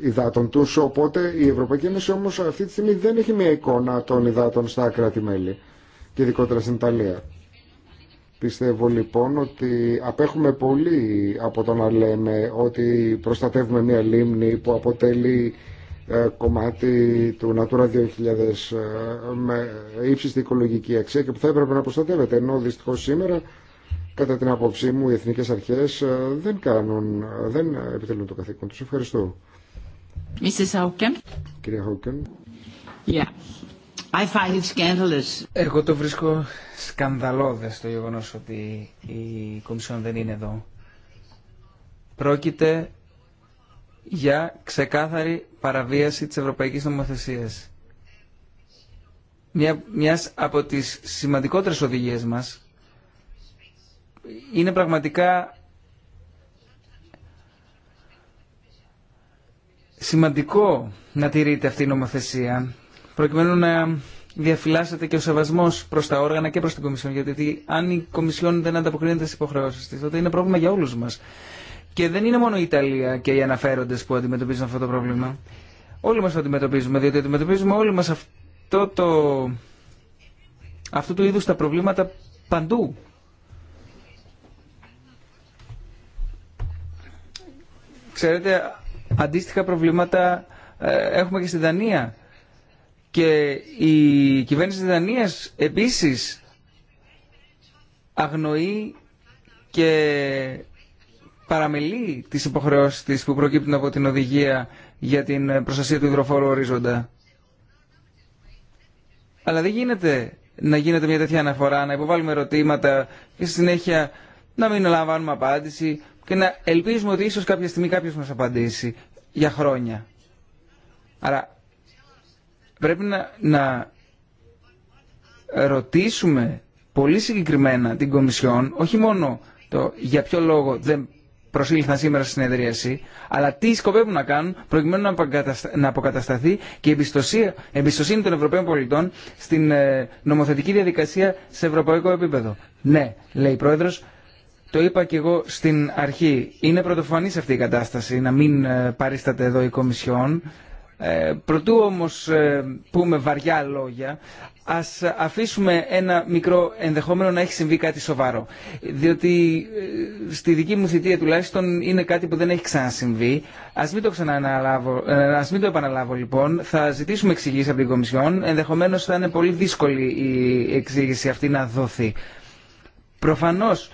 υδάτων τους, οπότε η Ευρωπαϊκή Ένωση όμως αυτή τη στιγμή δεν έχει μια εικόνα των υδάτων στα κράτη-μέλη και ειδικότερα στην Ιταλία. Πιστεύω λοιπόν ότι απέχουμε πολύ από το να λέμε ότι προστατεύουμε μια λίμνη που αποτελεί ε, κομμάτι του Natura 2000 ε, με ύψιστη οικολογική αξία και που θα έπρεπε να προστατεύεται. Ενώ δυστυχώς σήμερα, κατά την άποψή μου, οι εθνικές αρχές ε, δεν, κάνουν, δεν επιτελούν το καθήκον τους. Ευχαριστώ. Yeah. I find it scandalous. Εγώ το βρίσκω σκανδαλώδες το γεγονός ότι η Κομισιόν δεν είναι εδώ. Πρόκειται για ξεκάθαρη παραβίαση της Ευρωπαϊκής Νομοθεσίας. Μια, μιας από τις σημαντικότερες οδηγίες μας είναι πραγματικά σημαντικό να τηρείται αυτή η νομοθεσία προκειμένου να διαφυλάσσεται και ο σεβασμό προ τα όργανα και προ την Κομισιόν. Γιατί αν η Κομισιόν δεν ανταποκρίνεται στι υποχρεώσει τη, τότε είναι πρόβλημα για όλου μα. Και δεν είναι μόνο η Ιταλία και οι αναφέροντε που αντιμετωπίζουν αυτό το πρόβλημα. Όλοι μα το αντιμετωπίζουμε, διότι αντιμετωπίζουμε όλοι μα αυτό το. αυτού του είδου τα προβλήματα παντού. Ξέρετε, αντίστοιχα προβλήματα ε, έχουμε και στη Δανία και η κυβέρνηση της Δανίας επίσης αγνοεί και παραμελεί τις υποχρεώσεις της που προκύπτουν από την οδηγία για την προστασία του υδροφόρου ορίζοντα. Αλλά δεν γίνεται να γίνεται μια τέτοια αναφορά, να υποβάλουμε ερωτήματα και στη συνέχεια να μην λαμβάνουμε απάντηση και να ελπίζουμε ότι ίσως κάποια στιγμή κάποιος μας απαντήσει για χρόνια. Άρα πρέπει να, ρωτήσουμε πολύ συγκεκριμένα την Κομισιόν, όχι μόνο το για ποιο λόγο δεν προσήλθαν σήμερα στη συνεδρίαση, αλλά τι σκοπεύουν να κάνουν προκειμένου να αποκατασταθεί και η εμπιστοσύνη των Ευρωπαίων πολιτών στην ε, νομοθετική διαδικασία σε ευρωπαϊκό επίπεδο. Ναι, λέει η Πρόεδρος, το είπα και εγώ στην αρχή. Είναι πρωτοφανή αυτή η κατάσταση να μην ε, παρίσταται εδώ η Κομισιόν. Ε, προτού όμως ε, πούμε βαριά λόγια, ας αφήσουμε ένα μικρό ενδεχόμενο να έχει συμβεί κάτι σοβαρό. Διότι ε, στη δική μου θητεία τουλάχιστον είναι κάτι που δεν έχει ξανασυμβεί. Ας μην το, ξανααναλάβω, ε, ας μην το επαναλάβω λοιπόν. Θα ζητήσουμε εξηγήσεις από την Κομισιόν. Ενδεχομένως θα είναι πολύ δύσκολη η εξήγηση αυτή να δοθεί. Προφανώς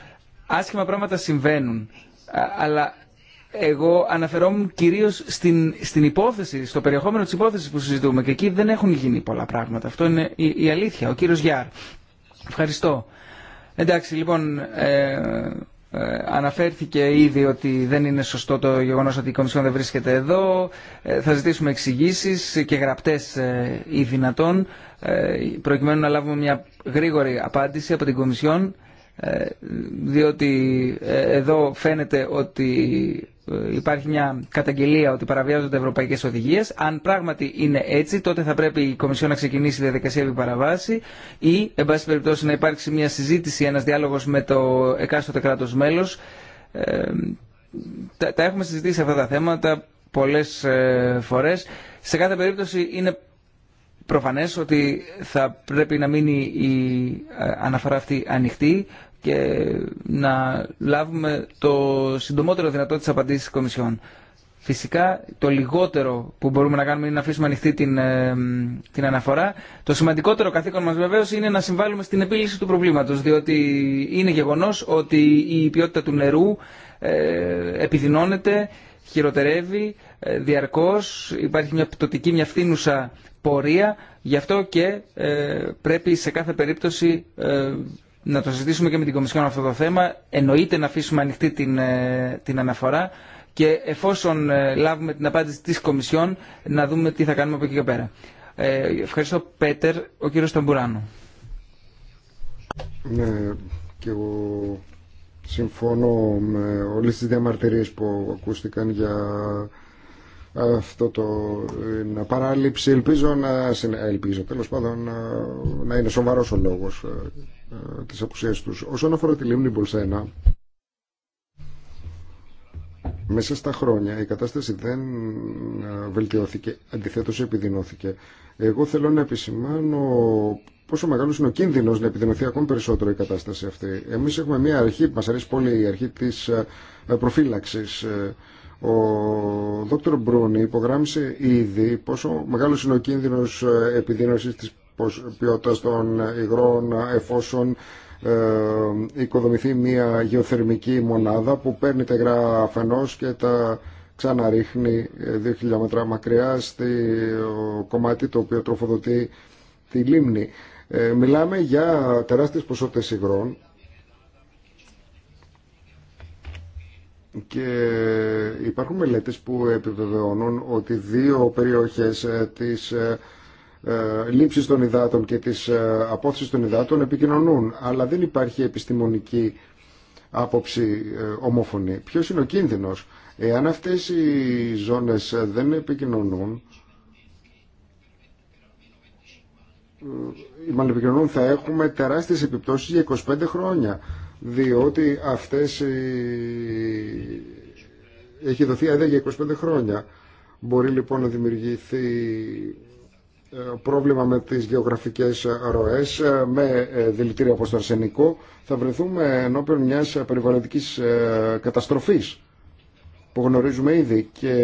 άσχημα πράγματα συμβαίνουν. Αλλά εγώ αναφερόμουν κυρίως στην, στην υπόθεση, στο περιεχόμενο της υπόθεσης που συζητούμε και εκεί δεν έχουν γίνει πολλά πράγματα. Αυτό είναι η, αλήθεια. Ο κύριος Γιάρ. Ευχαριστώ. Εντάξει, λοιπόν, ε, ε, αναφέρθηκε ήδη ότι δεν είναι σωστό το γεγονός ότι η Κομισιόν δεν βρίσκεται εδώ. Ε, θα ζητήσουμε εξηγήσει και γραπτές ή δυνατόν, προκειμένου να λάβουμε μια γρήγορη απάντηση από την Κομισιόν ε, διότι ε, εδώ φαίνεται ότι ε, υπάρχει μια καταγγελία ότι παραβιάζονται ευρωπαϊκές οδηγίες. Αν πράγματι είναι έτσι, τότε θα πρέπει η Κομισιόν να ξεκινήσει διαδικασία επί παραβάση ή, εν πάση περιπτώσει, να υπάρξει μια συζήτηση, ένας διάλογος με το εκάστοτε κράτος μέλος. τα, έχουμε συζητήσει αυτά τα θέματα πολλές φορές. Σε κάθε περίπτωση είναι προφανές ότι θα πρέπει να μείνει η αναφορά αυτή ανοιχτή και να λάβουμε το συντομότερο δυνατό της απαντήσεις της Κομισιόν. Φυσικά το λιγότερο που μπορούμε να κάνουμε είναι να αφήσουμε ανοιχτή την, ε, την αναφορά. Το σημαντικότερο καθήκον μας βεβαίως είναι να συμβάλλουμε στην επίλυση του προβλήματος διότι είναι γεγονός ότι η ποιότητα του νερού ε, επιδεινώνεται, χειροτερεύει ε, διαρκώς, υπάρχει μια πτωτική, μια φθήνουσα πορεία γι' αυτό και ε, πρέπει σε κάθε περίπτωση ε, να το συζητήσουμε και με την Κομισιόν αυτό το θέμα. Εννοείται να αφήσουμε ανοιχτή την, ε, την αναφορά και εφόσον ε, λάβουμε την απάντηση της Κομισιόν να δούμε τι θα κάνουμε από εκεί και πέρα. Ε, ευχαριστώ Πέτερ, ο κύριος Ταμπουράνο. Ναι, και εγώ συμφωνώ με όλες τις διαμαρτυρίες που ακούστηκαν για αυτό το να παράληψη. Ελπίζω να ελπίζω τέλος πάντων να είναι σοβαρός ο λόγος ε, ε, της απουσίας τους. Όσον αφορά τη λίμνη Μπολσένα, μέσα στα χρόνια η κατάσταση δεν ε, βελτιώθηκε, αντιθέτως επιδεινώθηκε. Εγώ θέλω να επισημάνω πόσο μεγάλο είναι ο κίνδυνο να επιδεινωθεί ακόμη περισσότερο η κατάσταση αυτή. Εμεί έχουμε μια αρχή μα αρέσει πολύ, η αρχή τη ε, προφύλαξη. Ο Δόκτωρ Μπρούνι υπογράμμισε ήδη πόσο μεγάλο είναι ο κίνδυνο ε, επιδείνωσης της ποιότητας των υγρών εφόσον ε, οικοδομηθεί μια γεωθερμική μονάδα που παίρνει τα υγρά και τα ξαναρίχνει ε, δύο χιλιόμετρα μακριά στο κομμάτι το οποίο τροφοδοτεί τη λίμνη. Ε, μιλάμε για τεράστιες ποσότητες υγρών Και υπάρχουν μελέτες που επιβεβαιώνουν ότι δύο περιοχές ε, της ε, ε, λήψης των υδάτων και της απόθεσης των υδάτων επικοινωνούν, αλλά δεν υπάρχει επιστημονική άποψη ομόφωνη. Ποιος είναι ο κίνδυνος. Εάν αυτές οι ζώνες δεν επικοινωνούν, οι μαλλιπικοινωνούν θα έχουμε τεράστιες επιπτώσεις για 25 χρόνια διότι αυτές οι... έχει δοθεί για 25 χρόνια. Μπορεί λοιπόν να δημιουργηθεί ε, πρόβλημα με τις γεωγραφικές ροές, ε, με ε, δηλητήρια από το αρσενικό, θα βρεθούμε ενώπιον μιας περιβαλλοντικής καταστροφής που γνωρίζουμε ήδη και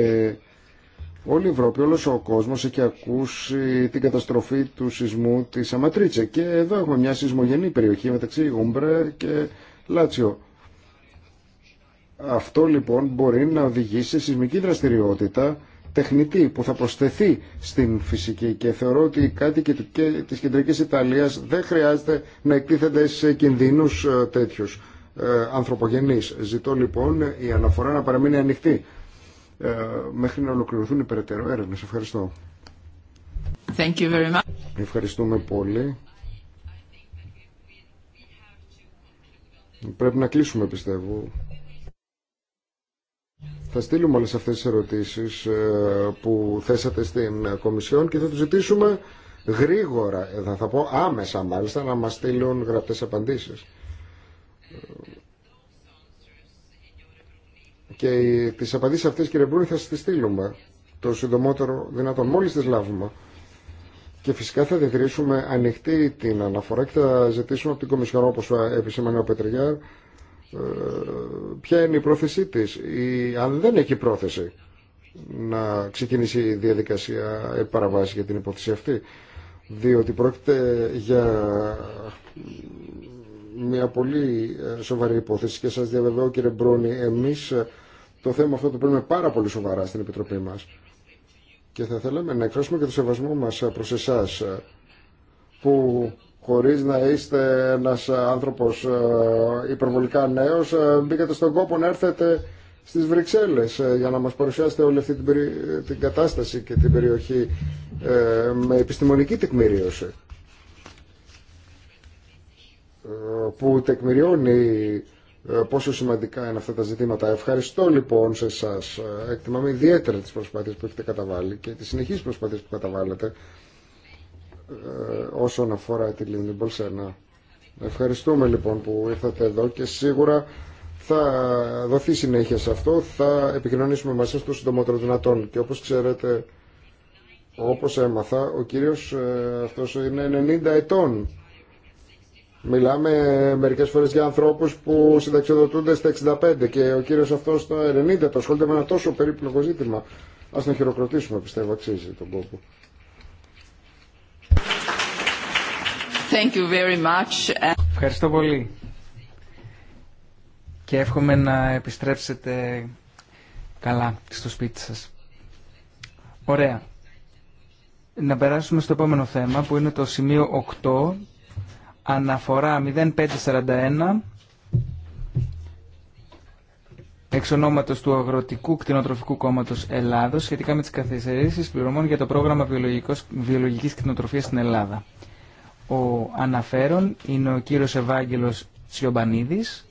Όλη η Ευρώπη, όλο ο κόσμος έχει ακούσει την καταστροφή του σεισμού της Αματρίτσε και εδώ έχουμε μια σεισμογενή περιοχή μεταξύ Ούμπρε και Λάτσιο. Αυτό λοιπόν μπορεί να οδηγήσει σε σεισμική δραστηριότητα τεχνητή που θα προσθεθεί στην φυσική και θεωρώ ότι οι κάτοικοι της κεντρικής Ιταλίας δεν χρειάζεται να εκτίθενται σε κινδύνους ε, τέτοιους ε, ανθρωπογενεί. Ζητώ λοιπόν η αναφορά να παραμείνει ανοιχτή ε, μέχρι να ολοκληρωθούν οι περαιτέρω έρευνες. Ευχαριστώ. Thank you Ευχαριστούμε πολύ. Πρέπει να κλείσουμε πιστεύω. Θα στείλουμε όλες αυτές τις ερωτήσεις ε, που θέσατε στην Κομισιόν και θα τους ζητήσουμε γρήγορα, ε, θα, θα πω άμεσα μάλιστα, να μας στείλουν γραπτές απαντήσεις. Και τι απαντήσει αυτέ κύριε Μπρούνη θα σα τι στείλουμε το συντομότερο δυνατόν μόλι τι λάβουμε. Και φυσικά θα διατηρήσουμε ανοιχτή την αναφορά και θα ζητήσουμε από την Κομισιόν όπως επισήμανε ο Πετριγιάρ ε, ποια είναι η πρόθεσή τη. αν δεν έχει πρόθεση να ξεκινήσει η διαδικασία παραβάση για την υπόθεση αυτή διότι πρόκειται για μια πολύ ε, σοβαρή υπόθεση και σας διαβεβαιώ κύριε Μπρόνη εμείς το θέμα αυτό το παίρνουμε πάρα πολύ σοβαρά στην Επιτροπή μας και θα θέλαμε να εκφράσουμε και το σεβασμό μας προς εσάς που χωρίς να είστε ένας άνθρωπος ε, υπερβολικά νέος ε, μπήκατε στον κόπο να έρθετε στις Βρυξέλλες ε, για να μας παρουσιάσετε όλη αυτή την, περι... την κατάσταση και την περιοχή με επιστημονική τεκμηρίωση που τεκμηριώνει ε, πόσο σημαντικά είναι αυτά τα ζητήματα. Ευχαριστώ λοιπόν σε εσά. Ε, εκτιμάμε ιδιαίτερα τι προσπάθειε που έχετε καταβάλει και τι συνεχεί προσπάθειε που καταβάλλετε ε, όσον αφορά τη Λίνδιν Μπολσένα. Ευχαριστούμε λοιπόν που ήρθατε εδώ και σίγουρα θα δοθεί συνέχεια σε αυτό. Θα επικοινωνήσουμε μαζί σας το συντομότερο δυνατόν. Και όπως ξέρετε, όπως έμαθα, ο κύριος αυτός είναι 90 ετών. Μιλάμε μερικές φορές για ανθρώπους που συνταξιοδοτούνται στα 65 και ο κύριος αυτός στα 90 το ασχολείται με ένα τόσο περίπλοκο ζήτημα. Ας τον χειροκροτήσουμε, πιστεύω, αξίζει τον κόπο. Ευχαριστώ πολύ. Και εύχομαι να επιστρέψετε καλά στο σπίτι σας. Ωραία. Να περάσουμε στο επόμενο θέμα που είναι το σημείο 8 αναφορά 0541 εξ ονόματος του Αγροτικού Κτηνοτροφικού Κόμματος Ελλάδος σχετικά με τις καθυστερήσεις πληρωμών για το πρόγραμμα βιολογικής κτηνοτροφίας στην Ελλάδα. Ο αναφέρον είναι ο κύριος Ευάγγελος Σιωμπανίδης.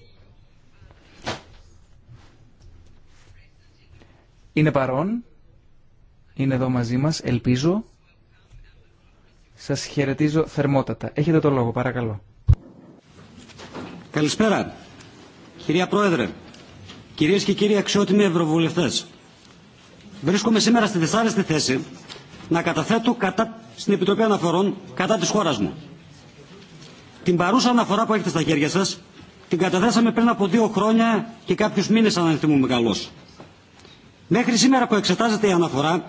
Είναι παρόν, είναι εδώ μαζί μας, ελπίζω. Σας χαιρετίζω θερμότατα. Έχετε το λόγο, παρακαλώ. Καλησπέρα. Κυρία Πρόεδρε, κυρίες και κύριοι αξιότιμοι ευρωβουλευτές. Βρίσκομαι σήμερα στη δυσάρεστη θέση να καταθέτω κατά, στην Επιτροπή Αναφορών κατά της χώρας μου. Την παρούσα αναφορά που έχετε στα χέρια σας την καταθέσαμε πριν από δύο χρόνια και κάποιους μήνες αν θυμούμε καλώς. Μέχρι σήμερα που εξετάζεται η αναφορά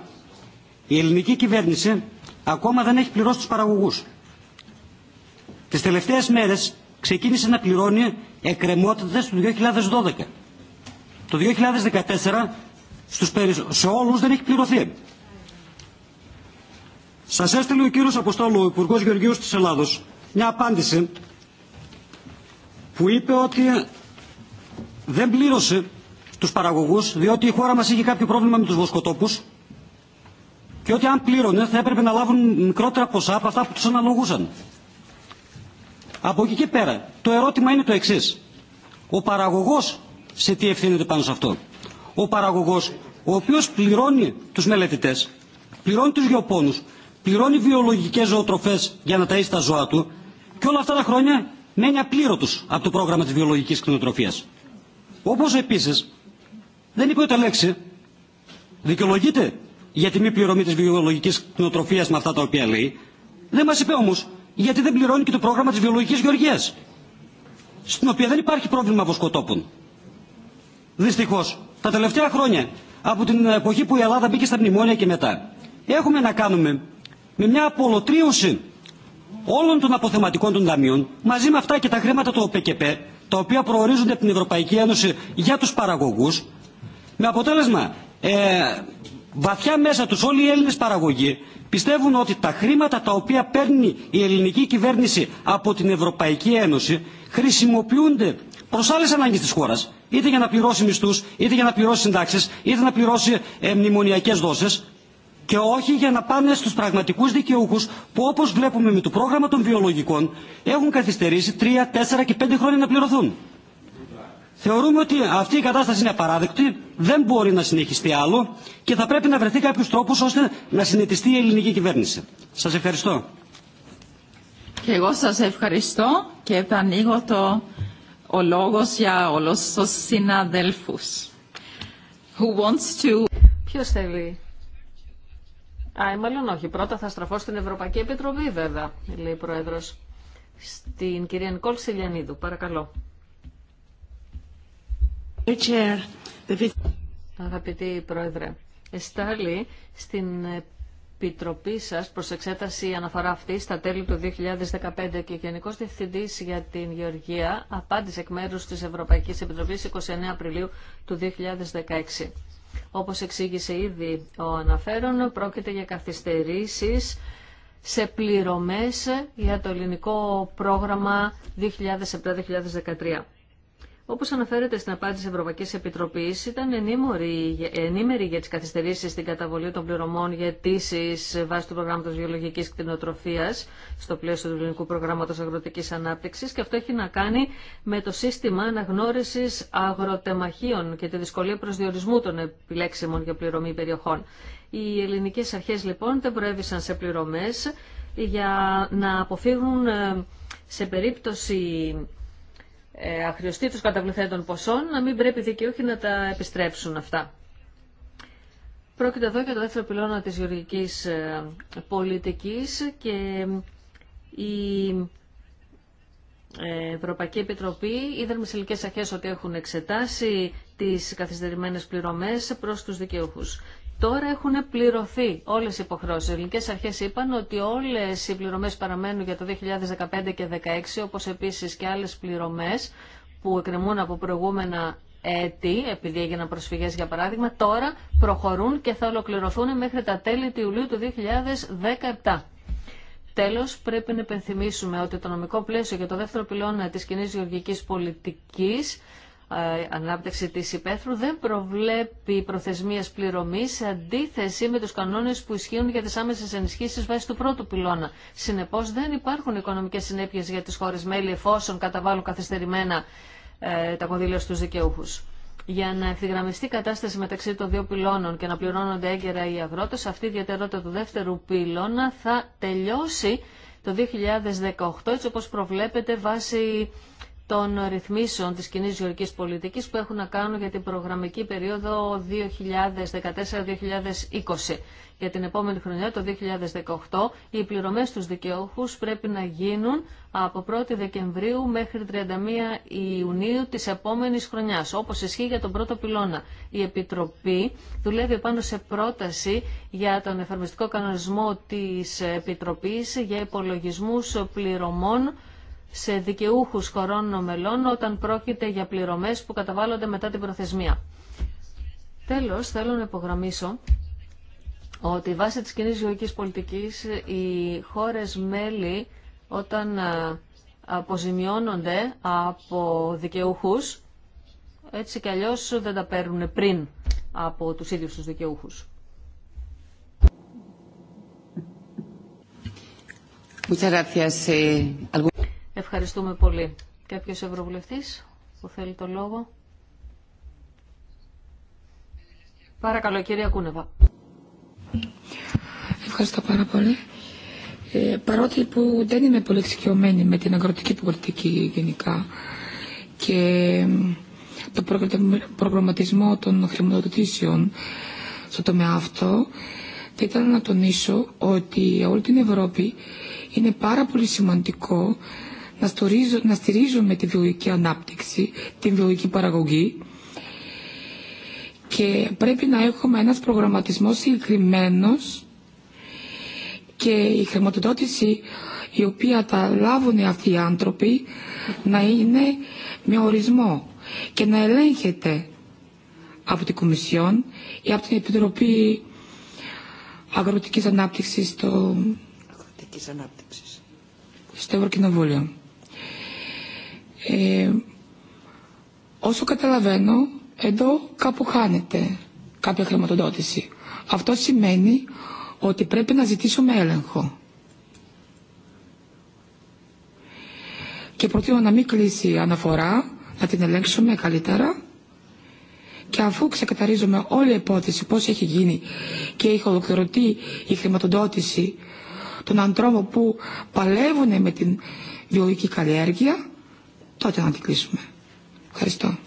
η ελληνική κυβέρνηση ακόμα δεν έχει πληρώσει τους παραγωγούς. Τις τελευταίες μέρες ξεκίνησε να πληρώνει εκκρεμότητες του 2012. Το 2014 στους περι... σε όλους δεν έχει πληρωθεί. Σας έστειλε ο κύριος Αποστόλου, ο Υπουργός Γεωργίου της Ελλάδος, μια απάντηση που είπε ότι δεν πλήρωσε τους παραγωγούς διότι η χώρα μας είχε κάποιο πρόβλημα με τους βοσκοτόπους και ότι αν πλήρωνε θα έπρεπε να λάβουν μικρότερα ποσά από αυτά που τους αναλογούσαν. Από εκεί και πέρα, το ερώτημα είναι το εξή. Ο παραγωγός σε τι ευθύνεται πάνω σε αυτό. Ο παραγωγός, ο οποίος πληρώνει τους μελετητές, πληρώνει τους γεωπόνους, πληρώνει βιολογικές ζωοτροφές για να ταΐσει τα ζώα του και όλα αυτά τα χρόνια μένει απλήρωτος από το πρόγραμμα της βιολογικής κτηνοτροφίας. Όπως επίσης, δεν είπε ούτε λέξη, δικαιολογείται για τη μη πληρωμή τη βιολογική κτηνοτροφία με αυτά τα οποία λέει. Δεν μα είπε όμω, γιατί δεν πληρώνει και το πρόγραμμα τη βιολογική γεωργία. στην οποία δεν υπάρχει πρόβλημα βοσκοτόπων. Δυστυχώ, τα τελευταία χρόνια, από την εποχή που η Ελλάδα μπήκε στα μνημόνια και μετά, έχουμε να κάνουμε με μια απολωτρίωση όλων των αποθεματικών των ταμείων, μαζί με αυτά και τα χρήματα του ΟΠΕΚΕΠΕ, τα οποία προορίζονται από την Ευρωπαϊκή Ένωση για του παραγωγού, με αποτέλεσμα ε, βαθιά μέσα τους όλοι οι Έλληνες παραγωγοί πιστεύουν ότι τα χρήματα τα οποία παίρνει η ελληνική κυβέρνηση από την Ευρωπαϊκή Ένωση χρησιμοποιούνται προς άλλες ανάγκες της χώρας. Είτε για να πληρώσει μισθούς, είτε για να πληρώσει συντάξεις, είτε να πληρώσει ε, μνημονιακές δόσεις και όχι για να πάνε στους πραγματικούς δικαιούχους που όπως βλέπουμε με το πρόγραμμα των βιολογικών έχουν καθυστερήσει 3, 4 και 5 χρόνια να πληρωθούν. Θεωρούμε ότι αυτή η κατάσταση είναι απαράδεκτη, δεν μπορεί να συνεχιστεί άλλο και θα πρέπει να βρεθεί κάποιο τρόπο ώστε να συνετιστεί η ελληνική κυβέρνηση. Σα ευχαριστώ. Και εγώ σα ευχαριστώ και θα ανοίγω το ο λόγο για όλου του συναδέλφου. To... Ποιο θέλει. Α, ε, μάλλον όχι. Πρώτα θα στραφώ στην Ευρωπαϊκή Επιτροπή, βέβαια, λέει η Πρόεδρο. Στην κυρία Νικόλ Σιλιανίδου, παρακαλώ. Αγαπητή Πρόεδρε, εστάλει στην Επιτροπή σας προς εξέταση αναφορά αυτή στα τέλη του 2015 και ο Γενικός Διευθυντής για την Γεωργία απάντησε εκ μέρους της Ευρωπαϊκής Επιτροπής 29 Απριλίου του 2016. Όπως εξήγησε ήδη ο αναφέρον, πρόκειται για καθυστερήσεις σε πληρωμές για το ελληνικό πρόγραμμα 2007-2013. Όπω αναφέρεται στην απάντηση Ευρωπαϊκή Επιτροπή ήταν ενήμερη για τι καθυστερήσει στην καταβολή των πληρωμών για αιτήσει βάσει του προγράμματο βιολογικής κτηνοτροφίας στο πλαίσιο του ελληνικού προγράμματο αγροτική ανάπτυξη και αυτό έχει να κάνει με το σύστημα αναγνώριση αγροτεμαχίων και τη δυσκολία προσδιορισμού των επιλέξιμων για πληρωμή περιοχών. Οι ελληνικέ αρχέ λοιπόν δεν προέβησαν σε πληρωμέ για να αποφύγουν ε, σε περίπτωση ε, αχριωστήτως καταβληθέντων ποσών, να μην πρέπει δικαιούχοι να τα επιστρέψουν αυτά. Πρόκειται εδώ για το δεύτερο πυλώνα της γεωργικής ε, πολιτικής και ε, η ε, Ευρωπαϊκή Επιτροπή είδαν με σελικές αρχές ότι έχουν εξετάσει τις καθυστερημένες πληρωμές προς τους δικαιούχους. Τώρα έχουν πληρωθεί όλε οι υποχρεώσει. Οι ελληνικέ αρχέ είπαν ότι όλε οι πληρωμέ παραμένουν για το 2015 και 2016, όπω επίση και άλλε πληρωμέ που εκκρεμούν από προηγούμενα έτη, επειδή έγιναν προσφυγέ για παράδειγμα, τώρα προχωρούν και θα ολοκληρωθούν μέχρι τα τέλη του Ιουλίου του 2017. Τέλο, πρέπει να υπενθυμίσουμε ότι το νομικό πλαίσιο για το δεύτερο πυλώνα τη κοινή γεωργική πολιτική ε, ανάπτυξη της υπαίθρου δεν προβλέπει προθεσμίες πληρωμής σε αντίθεση με τους κανόνες που ισχύουν για τις άμεσες ενισχύσεις βάσει του πρώτου πυλώνα. Συνεπώς δεν υπάρχουν οικονομικές συνέπειες για τις χώρες μέλη εφόσον καταβάλουν καθυστερημένα ε, τα κονδύλια στους δικαιούχους. Για να ευθυγραμμιστεί η κατάσταση μεταξύ των δύο πυλώνων και να πληρώνονται έγκαιρα οι αγρότες, αυτή η ιδιαιτερότητα του δεύτερου πυλώνα θα τελειώσει το 2018 έτσι όπως προβλέπεται βάσει των ρυθμίσεων της κοινή γεωργικής πολιτικής που έχουν να κάνουν για την προγραμμική περίοδο 2014-2020. Για την επόμενη χρονιά, το 2018, οι πληρωμές στους δικαιούχους πρέπει να γίνουν από 1η Δεκεμβρίου μέχρι 31 Ιουνίου της επόμενης χρονιάς, όπως ισχύει για τον πρώτο πυλώνα. Η Επιτροπή δουλεύει πάνω σε πρόταση για τον εφαρμοστικό κανονισμό της Επιτροπής για υπολογισμούς πληρωμών σε δικαιούχους χωρών νομελών όταν πρόκειται για πληρωμές που καταβάλλονται μετά την προθεσμία. Τέλος, θέλω να υπογραμμίσω ότι βάσει της κοινή ζωικής πολιτικής οι χώρες μέλη όταν αποζημιώνονται από δικαιούχους έτσι κι αλλιώς δεν τα παίρνουν πριν από τους ίδιους τους δικαιούχους. Ε, Ευχαριστούμε πολύ. Κάποιος ευρωβουλευτής που θέλει το λόγο. Παρακαλώ, κυρία Κούνεβα. Ευχαριστώ πάρα πολύ. Ε, παρότι που δεν είμαι πολύ εξοικειωμένη με την αγροτική πολιτική γενικά και το προγραμματισμό των χρηματοδοτήσεων στο τομέα αυτό, θα ήθελα να τονίσω ότι όλη την Ευρώπη είναι πάρα πολύ σημαντικό να στηρίζουμε τη βιολογική ανάπτυξη, τη βιολογική παραγωγή και πρέπει να έχουμε ένας προγραμματισμός συγκεκριμένο και η χρηματοδότηση η οποία τα λάβουν αυτοί οι άνθρωποι να είναι με ορισμό και να ελέγχεται από την Κομισιόν ή από την Επιτροπή Αγροτικής Ανάπτυξης στο, Αγροτικής Ανάπτυξης. στο Ευρωκοινοβούλιο. Ε, όσο καταλαβαίνω, εδώ κάπου χάνεται κάποια χρηματοδότηση. Αυτό σημαίνει ότι πρέπει να ζητήσουμε έλεγχο. Και προτείνω να μην κλείσει η αναφορά, να την ελέγξουμε καλύτερα και αφού ξεκαταρίζουμε όλη η υπόθεση πώς έχει γίνει και έχει ολοκληρωθεί η χρηματοδότηση των ανθρώπων που παλεύουν με την βιολογική καλλιέργεια, τότε να την κλείσουμε. Ευχαριστώ.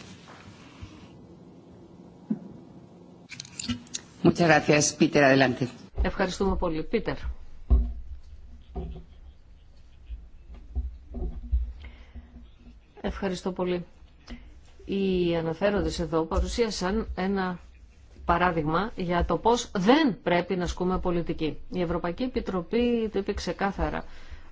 Ευχαριστούμε πολύ. Πίτερ. Ευχαριστώ πολύ. Οι αναφέροντες εδώ παρουσίασαν ένα παράδειγμα για το πώς δεν πρέπει να ασκούμε πολιτική. Η Ευρωπαϊκή Επιτροπή το είπε ξεκάθαρα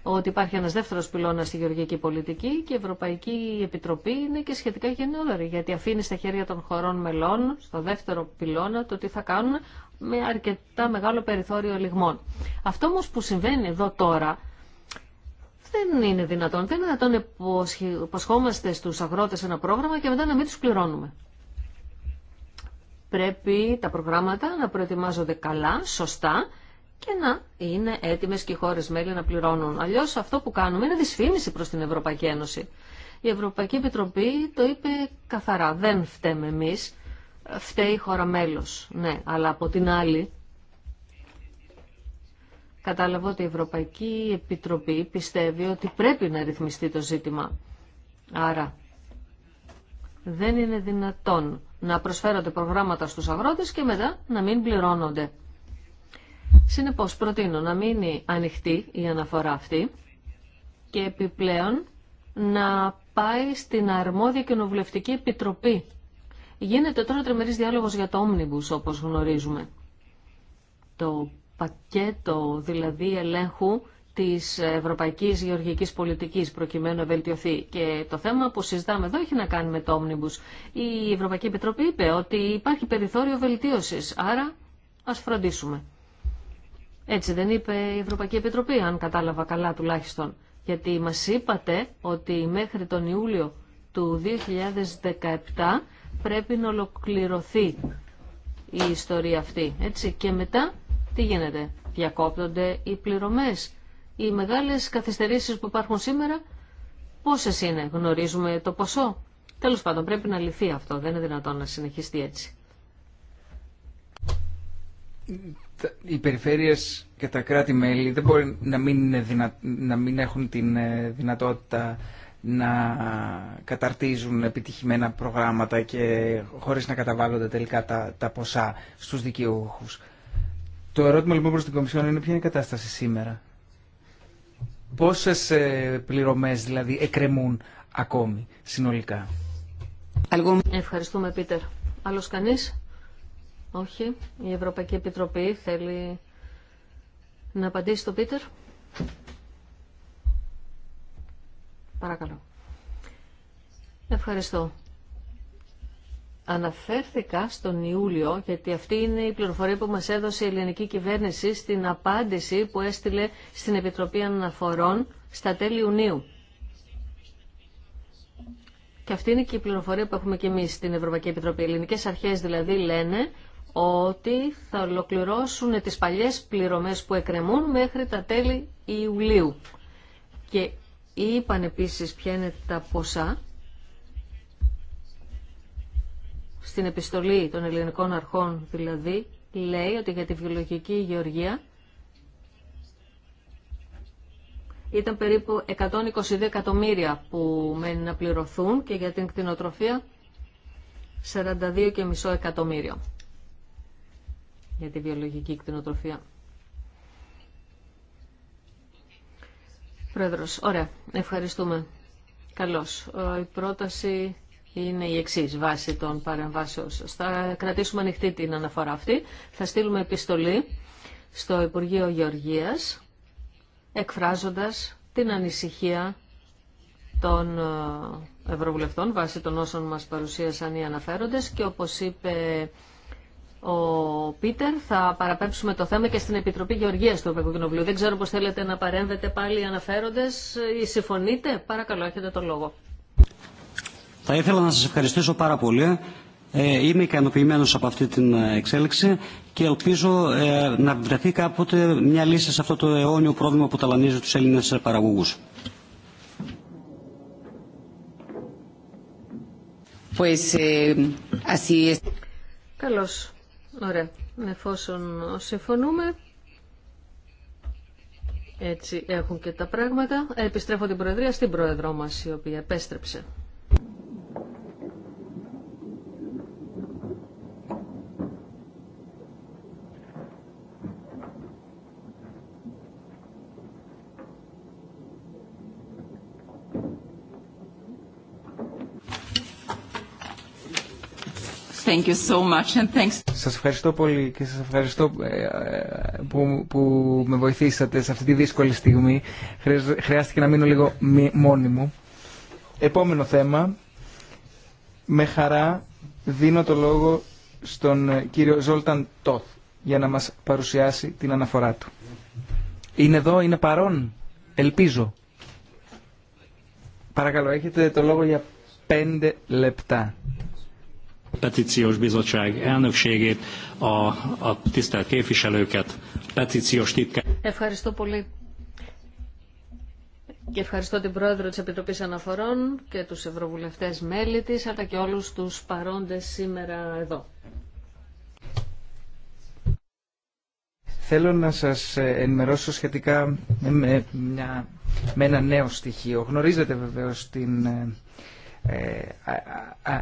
ότι υπάρχει ένας δεύτερος πυλώνας στη γεωργική πολιτική και η Ευρωπαϊκή Επιτροπή είναι και σχετικά γενναιόδορη, γιατί αφήνει στα χέρια των χωρών μελών, στο δεύτερο πυλώνα, το τι θα κάνουν με αρκετά μεγάλο περιθώριο λιγμών. Αυτό όμως που συμβαίνει εδώ τώρα, δεν είναι δυνατόν. Δεν είναι δυνατόν να υποσχόμαστε στους αγρότες ένα πρόγραμμα και μετά να μην τους πληρώνουμε. Πρέπει τα προγράμματα να προετοιμάζονται καλά, σωστά και να είναι έτοιμε και οι χώρε μέλη να πληρώνουν. Αλλιώ αυτό που κάνουμε είναι δυσφήμιση προς την Ευρωπαϊκή Ένωση. Η Ευρωπαϊκή Επιτροπή το είπε καθαρά. Δεν φταίμε εμεί Φταίει η χώρα μέλος. Ναι, αλλά από την άλλη κατάλαβα ότι η Ευρωπαϊκή Επιτροπή πιστεύει ότι πρέπει να ρυθμιστεί το ζήτημα. Άρα δεν είναι δυνατόν να προσφέρονται προγράμματα στους αγρότες και μετά να μην πληρώνονται. Συνεπώς προτείνω να μείνει ανοιχτή η αναφορά αυτή και επιπλέον να πάει στην αρμόδια κοινοβουλευτική επιτροπή. Γίνεται τώρα τριμερής διάλογος για το όμνιμπους όπως γνωρίζουμε. Το πακέτο δηλαδή ελέγχου της ευρωπαϊκής γεωργικής πολιτικής προκειμένου να βελτιωθεί. Και το θέμα που συζητάμε εδώ έχει να κάνει με το Omnibus. Η Ευρωπαϊκή Επιτροπή είπε ότι υπάρχει περιθώριο βελτίωσης, άρα ας φροντίσουμε. Έτσι δεν είπε η Ευρωπαϊκή Επιτροπή, αν κατάλαβα καλά τουλάχιστον. Γιατί μας είπατε ότι μέχρι τον Ιούλιο του 2017 πρέπει να ολοκληρωθεί η ιστορία αυτή. Έτσι. Και μετά τι γίνεται. Διακόπτονται οι πληρωμές. Οι μεγάλες καθυστερήσεις που υπάρχουν σήμερα πόσες είναι. Γνωρίζουμε το ποσό. Τέλος πάντων πρέπει να λυθεί αυτό. Δεν είναι δυνατόν να συνεχιστεί έτσι οι περιφέρειες και τα κράτη-μέλη δεν μπορεί να μην, να μην έχουν την ε, δυνατότητα να καταρτίζουν επιτυχημένα προγράμματα και χωρίς να καταβάλλονται τελικά τα, ποσά στους δικαιούχους. Το ερώτημα λοιπόν προς την Κομισιόν είναι ποια είναι η κατάσταση σήμερα. Πόσες ε, πληρωμές δηλαδή εκκρεμούν ακόμη συνολικά. Ευχαριστούμε Πίτερ. Άλλος κανείς. Όχι. Η Ευρωπαϊκή Επιτροπή θέλει να απαντήσει τον Πίτερ. Παρακαλώ. Ευχαριστώ. Αναφέρθηκα στον Ιούλιο, γιατί αυτή είναι η πληροφορία που μας έδωσε η ελληνική κυβέρνηση στην απάντηση που έστειλε στην Επιτροπή Αναφορών στα τέλη Ιουνίου. Και αυτή είναι και η πληροφορία που έχουμε και εμείς στην Ευρωπαϊκή Επιτροπή. Οι ελληνικές αρχές δηλαδή λένε ότι θα ολοκληρώσουν τις παλιές πληρωμές που εκκρεμούν μέχρι τα τέλη Ιουλίου. Και είπαν επίσης ποια είναι τα ποσά στην επιστολή των ελληνικών αρχών δηλαδή λέει ότι για τη βιολογική γεωργία ήταν περίπου 122 εκατομμύρια που μένουν να πληρωθούν και για την κτηνοτροφία 42,5 εκατομμύριο για τη βιολογική κτηνοτροφία. Πρόεδρος, ωραία, ευχαριστούμε. Καλώς. Ε, η πρόταση είναι η εξή βάση των παρεμβάσεων Θα κρατήσουμε ανοιχτή την αναφορά αυτή. Θα στείλουμε επιστολή στο Υπουργείο Γεωργίας εκφράζοντας την ανησυχία των ε, Ευρωβουλευτών βάσει των όσων μας παρουσίασαν οι αναφέροντες και όπως είπε ο Πίτερ. Θα παραπέμψουμε το θέμα και στην Επιτροπή Γεωργίας του Ευρωπαϊκού Κοινοβουλίου. Δεν ξέρω πώς θέλετε να παρέμβετε πάλι οι αναφέροντες ή συμφωνείτε. Παρακαλώ, έχετε το λόγο. Θα ήθελα να σας ευχαριστήσω πάρα πολύ. Ε, είμαι ικανοποιημένος από αυτή την εξέλιξη και ελπίζω ε, να βρεθεί κάποτε μια λύση σε αυτό το αιώνιο πρόβλημα που ταλανίζει τους Έλληνες παραγωγούς. Pues, eh, así es. Καλώς. Ωραία. Εφόσον συμφωνούμε, έτσι έχουν και τα πράγματα. Επιστρέφω την Προεδρία στην Πρόεδρό μας, η οποία επέστρεψε. Thank Σας ευχαριστώ πολύ και σας ευχαριστώ ε, ε, που, που με βοηθήσατε σε αυτή τη δύσκολη στιγμή. Χρειάστηκε να μείνω λίγο μόνη μου. Επόμενο θέμα. Με χαρά δίνω το λόγο στον ε, κύριο Ζόλταν Τόθ για να μας παρουσιάσει την αναφορά του. Είναι εδώ, είναι παρόν. Ελπίζω. Παρακαλώ, έχετε το λόγο για πέντε λεπτά bizottság elnökségét, a, a petíciós Ευχαριστώ πολύ. Και ευχαριστώ την Πρόεδρο της Επιτροπής Αναφορών και τους Ευρωβουλευτές μέλη της, αλλά και όλους τους παρόντες σήμερα εδώ. Θέλω να σας ενημερώσω σχετικά με, με ένα νέο στοιχείο. Γνωρίζετε βεβαίως την ε, ε,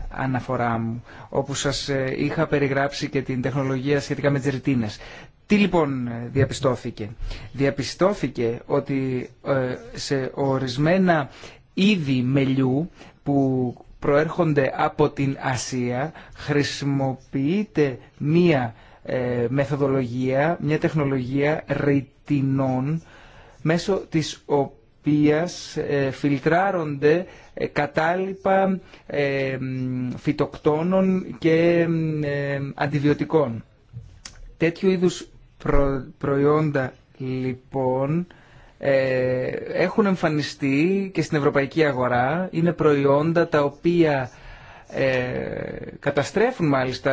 αναφορά μου, όπου σας ε, είχα περιγράψει και την τεχνολογία σχετικά με τις ρητίνες. Τι λοιπόν διαπιστώθηκε. Διαπιστώθηκε ότι ε, σε ορισμένα είδη μελιού που προέρχονται από την Ασία χρησιμοποιείται μία ε, μεθοδολογία, μια μεθοδολογια ρητινών μέσω της οποίας οποίας ε, φιλτράρονται ε, κατάλοιπα ε, φυτοκτόνων και αντιβιωτικών. Τέτοιου είδους προϊόντα λοιπόν έχουν εμφανιστεί και στην ευρωπαϊκή αγορά. Είναι προϊόντα τα οποία ε, καταστρέφουν μάλιστα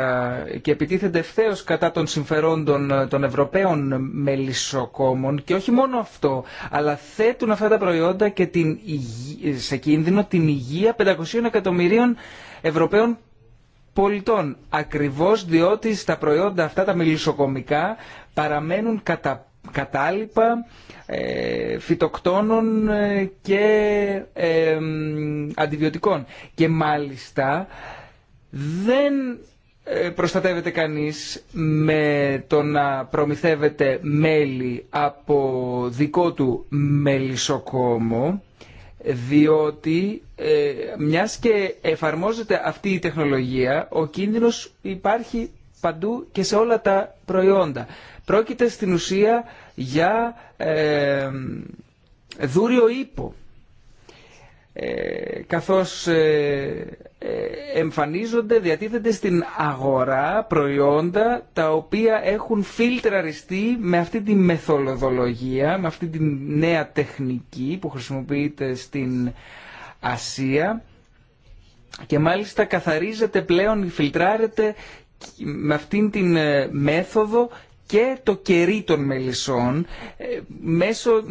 και επιτίθενται ευθέω κατά των συμφερόντων ε, των Ευρωπαίων μελισσοκόμων και όχι μόνο αυτό, αλλά θέτουν αυτά τα προϊόντα και την, σε κίνδυνο την υγεία 500 εκατομμυρίων Ευρωπαίων πολιτών. Ακριβώς διότι στα προϊόντα αυτά τα μελισσοκομικά παραμένουν κατά κατάλοιπα ε, φυτοκτόνων ε, και ε, αντιβιωτικών. Και μάλιστα δεν προστατεύεται κανείς με το να προμηθεύεται μέλι από δικό του μελισσοκόμο διότι ε, μιας και εφαρμόζεται αυτή η τεχνολογία ο κίνδυνος υπάρχει παντού και σε όλα τα προϊόντα. Πρόκειται στην ουσία για ε, δούριο ύπο. Ε, καθώς ε, ε, εμφανίζονται, διατίθεται στην αγορά προϊόντα τα οποία έχουν φίλτραριστεί με αυτή τη μεθοδολογία, με αυτή τη νέα τεχνική που χρησιμοποιείται στην Ασία και μάλιστα καθαρίζεται πλέον, φιλτράρεται με αυτήν την ε, μέθοδο και το κερί των μελισσών ε, μέσω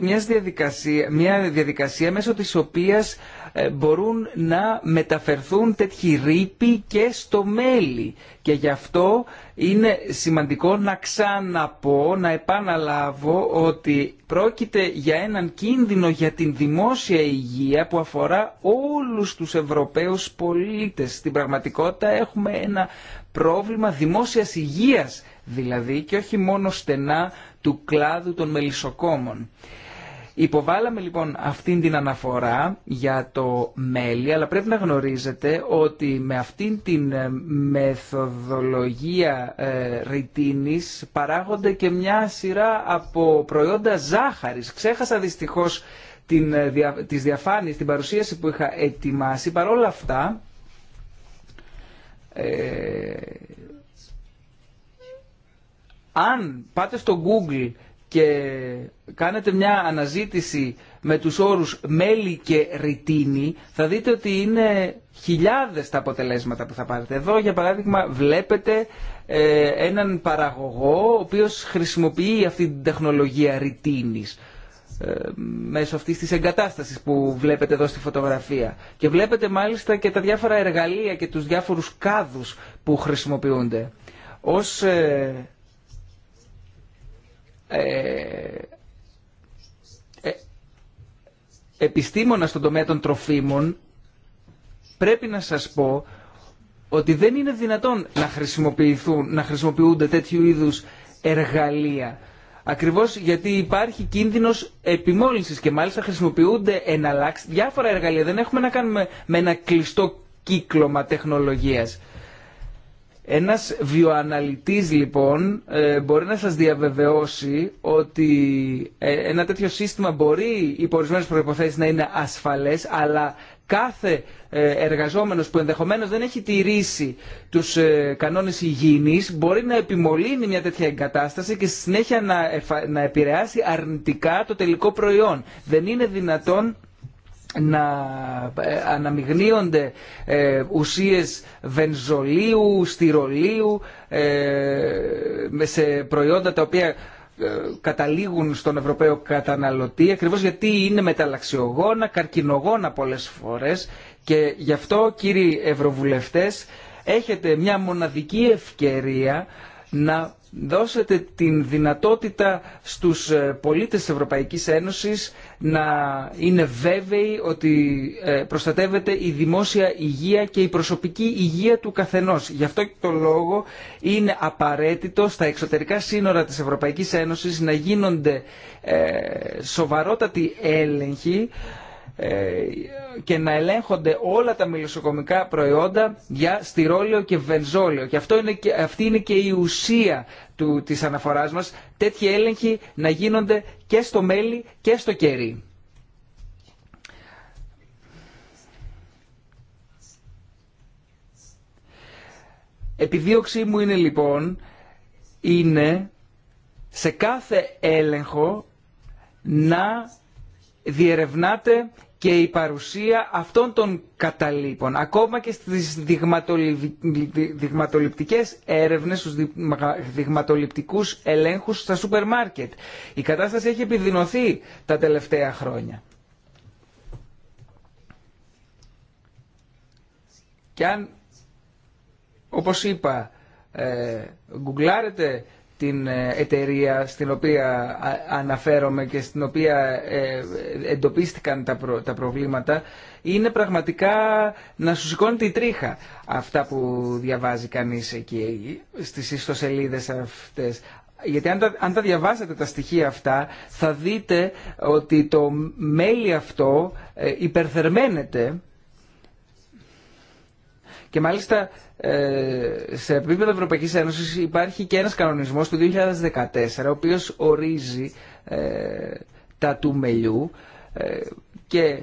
μιας διαδικασία, μια διαδικασία μέσω της οποίας ε, μπορούν να μεταφερθούν τέτοιοι ρήποι και στο μέλι. Και γι' αυτό είναι σημαντικό να ξαναπώ, να επαναλάβω ότι πρόκειται για έναν κίνδυνο για την δημόσια υγεία που αφορά όλους τους Ευρωπαίους πολίτες. Στην πραγματικότητα έχουμε ένα πρόβλημα δημόσιας υγείας δηλαδή και όχι μόνο στενά του κλάδου των μελισσοκόμων. Υποβάλαμε λοιπόν αυτήν την αναφορά για το μέλι, αλλά πρέπει να γνωρίζετε ότι με αυτήν την ε, μεθοδολογία ε, ρητίνης παράγονται και μια σειρά από προϊόντα ζάχαρης. Ξέχασα δυστυχώς την, ε, τις διαφάνειες, την παρουσίαση που είχα ετοιμάσει. Παρ' αυτά, ε, αν πάτε στο Google και κάνετε μια αναζήτηση με τους όρους μέλη και ρητίνη, θα δείτε ότι είναι χιλιάδες τα αποτελέσματα που θα πάρετε. Εδώ, για παράδειγμα, βλέπετε ε, έναν παραγωγό ο οποίος χρησιμοποιεί αυτή την τεχνολογία ρητίνης ε, μέσω αυτής της εγκατάστασης που βλέπετε εδώ στη φωτογραφία. Και βλέπετε μάλιστα και τα διάφορα εργαλεία και τους διάφορους κάδους που χρησιμοποιούνται. Ως... Ε, ε, ε, επιστήμονα στον τομέα των τροφίμων πρέπει να σας πω ότι δεν είναι δυνατόν να, χρησιμοποιηθούν, να χρησιμοποιούνται τέτοιου είδους εργαλεία. Ακριβώς γιατί υπάρχει κίνδυνος επιμόλυνσης και μάλιστα χρησιμοποιούνται διάφορα εργαλεία. Δεν έχουμε να κάνουμε με ένα κλειστό κύκλωμα τεχνολογίας. Ένας βιοαναλυτής λοιπόν ε, μπορεί να σας διαβεβαιώσει ότι ε, ένα τέτοιο σύστημα μπορεί οι ορισμένες προϋποθέσεις να είναι ασφαλές αλλά κάθε ε, εργαζόμενος που ενδεχομένως δεν έχει τηρήσει τους κανόνες υγιεινής μπορεί να επιμολύνει μια τέτοια εγκατάσταση και στη συνέχεια να επηρεάσει αρνητικά το τελικό προϊόν. Δεν είναι δυνατόν να ε, αναμειγνύονται ε, ουσίες βενζολίου, στυρολίου ε, σε προϊόντα τα οποία ε, καταλήγουν στον Ευρωπαίο καταναλωτή ακριβώς γιατί είναι μεταλλαξιογόνα, καρκινογόνα πολλές φορές και γι' αυτό κύριοι Ευρωβουλευτές έχετε μια μοναδική ευκαιρία να δώσετε την δυνατότητα στους ε, πολίτες της Ευρωπαϊκής Ένωσης να είναι βέβαιοι ότι ε, προστατεύεται η δημόσια υγεία και η προσωπική υγεία του καθενός. Γι' αυτό και το λόγο είναι απαραίτητο στα εξωτερικά σύνορα της Ευρωπαϊκής Ένωσης να γίνονται ε, σοβαρότατοι έλεγχοι ε, και να ελέγχονται όλα τα μελισσοκομικά προϊόντα για στυρόλιο και βενζόλιο. Και, αυτό είναι και αυτή είναι και η ουσία του, της αναφοράς μας. Τέτοιοι έλεγχοι να γίνονται και στο μέλι και στο κερί. Επιδίωξή μου είναι λοιπόν, είναι σε κάθε έλεγχο να διερευνάτε και η παρουσία αυτών των καταλήπων. Ακόμα και στις δειγματοληπτικές έρευνες, στους δειγματοληπτικούς ελέγχους στα σούπερ μάρκετ. Η κατάσταση έχει επιδεινωθεί τα τελευταία χρόνια. Και αν, όπως είπα, ε, γκουγκλάρετε την ε, εταιρεία στην οποία αναφέρομαι και στην οποία ε, εντοπίστηκαν τα, προβλήματα είναι πραγματικά να σου σηκώνει τη τρίχα αυτά που διαβάζει κανείς εκεί στις ιστοσελίδες αυτές. Γιατί αν τα, αν τα τα στοιχεία αυτά θα δείτε ότι το μέλι αυτό ε, υπερθερμαίνεται και μάλιστα ε, σε επίπεδο Ευρωπαϊκής Ένωσης υπάρχει και ένας κανονισμός του 2014 ο οποίος ορίζει ε, τα του μελιού ε, και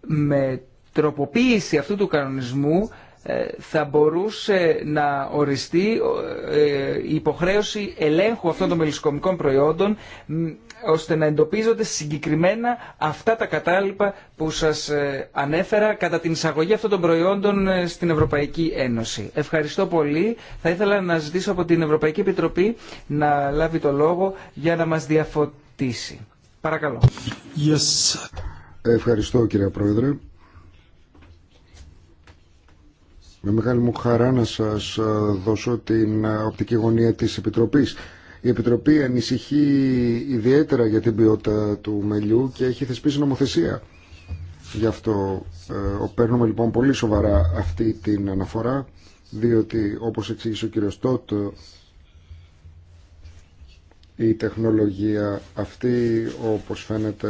με τροποποίηση αυτού του κανονισμού ε, θα μπορούσε να οριστεί ε, η υποχρέωση ελέγχου αυτών των μελισσοκομικών προϊόντων ώστε να εντοπίζονται συγκεκριμένα αυτά τα κατάλοιπα που σας ε, ανέφερα κατά την εισαγωγή αυτών των προϊόντων στην Ευρωπαϊκή Ένωση. Ευχαριστώ πολύ. Θα ήθελα να ζητήσω από την Ευρωπαϊκή Επιτροπή να λάβει το λόγο για να μας διαφωτίσει. Παρακαλώ. Yes. Ευχαριστώ κύριε Πρόεδρε. Με μεγάλη μου χαρά να σας ε, δώσω την ε, οπτική γωνία της Επιτροπής. Η Επιτροπή ανησυχεί ιδιαίτερα για την ποιότητα του μελιού και έχει θεσπίσει νομοθεσία. Γι' αυτό ε, παίρνουμε λοιπόν πολύ σοβαρά αυτή την αναφορά, διότι όπως εξήγησε ο κύριος Τότ, η τεχνολογία αυτή όπως φαίνεται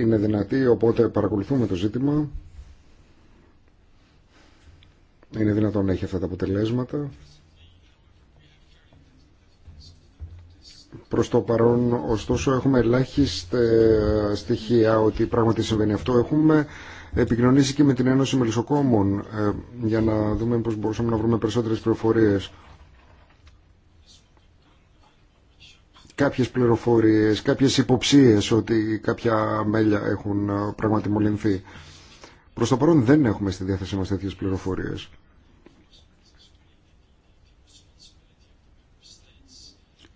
είναι δυνατή, οπότε παρακολουθούμε το ζήτημα είναι δυνατόν να έχει αυτά τα αποτελέσματα. Προς το παρόν, ωστόσο, έχουμε ελάχιστα στοιχεία ότι πράγματι συμβαίνει αυτό. Έχουμε επικοινωνήσει και με την Ένωση Μελισσοκόμων ε, για να δούμε πώς μπορούσαμε να βρούμε περισσότερες πληροφορίες. Κάποιες πληροφορίες, κάποιες υποψίες ότι κάποια μέλια έχουν ε, πραγματι Προς το παρόν δεν έχουμε στη διάθεσή μας πληροφορίε. πληροφορίες.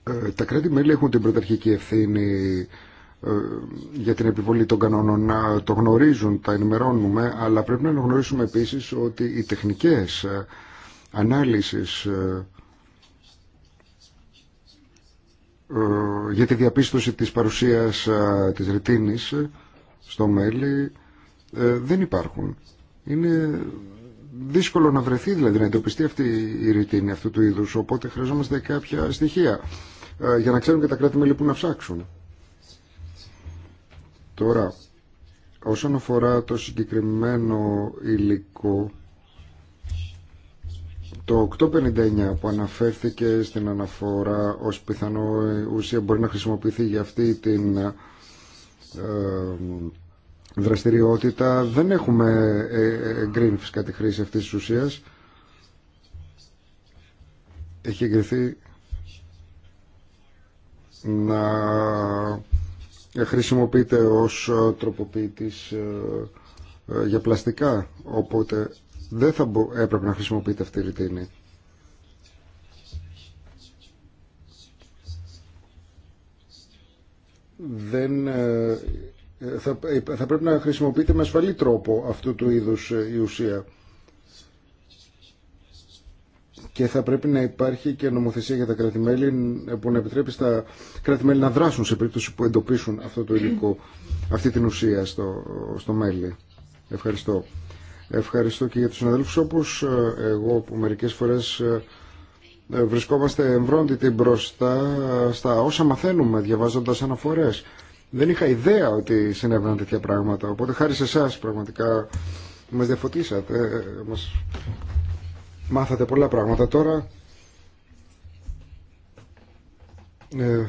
Ε, τα κράτη-μέλη έχουν την πρωταρχική ευθύνη ε, για την επιβολή των κανόνων να το γνωρίζουν, τα ενημερώνουμε, αλλά πρέπει να γνωρίσουμε επίσης ότι οι τεχνικές ε, ανάλυσεις για τη διαπίστωση της παρουσίας της ρητίνης στο μέλι. Ε, δεν υπάρχουν. Είναι δύσκολο να βρεθεί δηλαδή να εντοπιστεί αυτή η ρητίνη αυτού του είδους οπότε χρειαζόμαστε κάποια στοιχεία ε, για να ξέρουν και τα κράτη-μέλη που να ψάξουν. Τώρα, όσον αφορά το συγκεκριμένο υλικό το 859 που αναφέρθηκε στην αναφορά ως πιθανό ουσία μπορεί να χρησιμοποιηθεί για αυτή την ε, δραστηριότητα δεν έχουμε ε, εγκρίνει φυσικά τη χρήση αυτή τη ουσία. έχει εγκριθεί να χρησιμοποιείται ως τροποποιητής ε, ε, για πλαστικά οπότε δεν θα έπρεπε να χρησιμοποιείται αυτή η ρητίνη δεν ε, θα, ε, θα πρέπει να χρησιμοποιείται με ασφαλή τρόπο αυτού του είδους ε, η ουσία. Και θα πρέπει να υπάρχει και νομοθεσία για τα κρατημέλη που να επιτρέπει στα κρατημέλη να δράσουν σε περίπτωση που εντοπίσουν αυτό το υλικό, αυτή την ουσία στο, στο μέλι. Ευχαριστώ. Ευχαριστώ και για τους συναδέλφους όπως εγώ που μερικές φορές βρισκόμαστε εμβρόντιτοι μπροστά στα όσα μαθαίνουμε διαβάζοντας αναφορές. Δεν είχα ιδέα ότι συνέβαιναν τέτοια πράγματα. Οπότε χάρη σε εσά πραγματικά μας διαφωτίσατε, μας μάθατε πολλά πράγματα. Τώρα ε,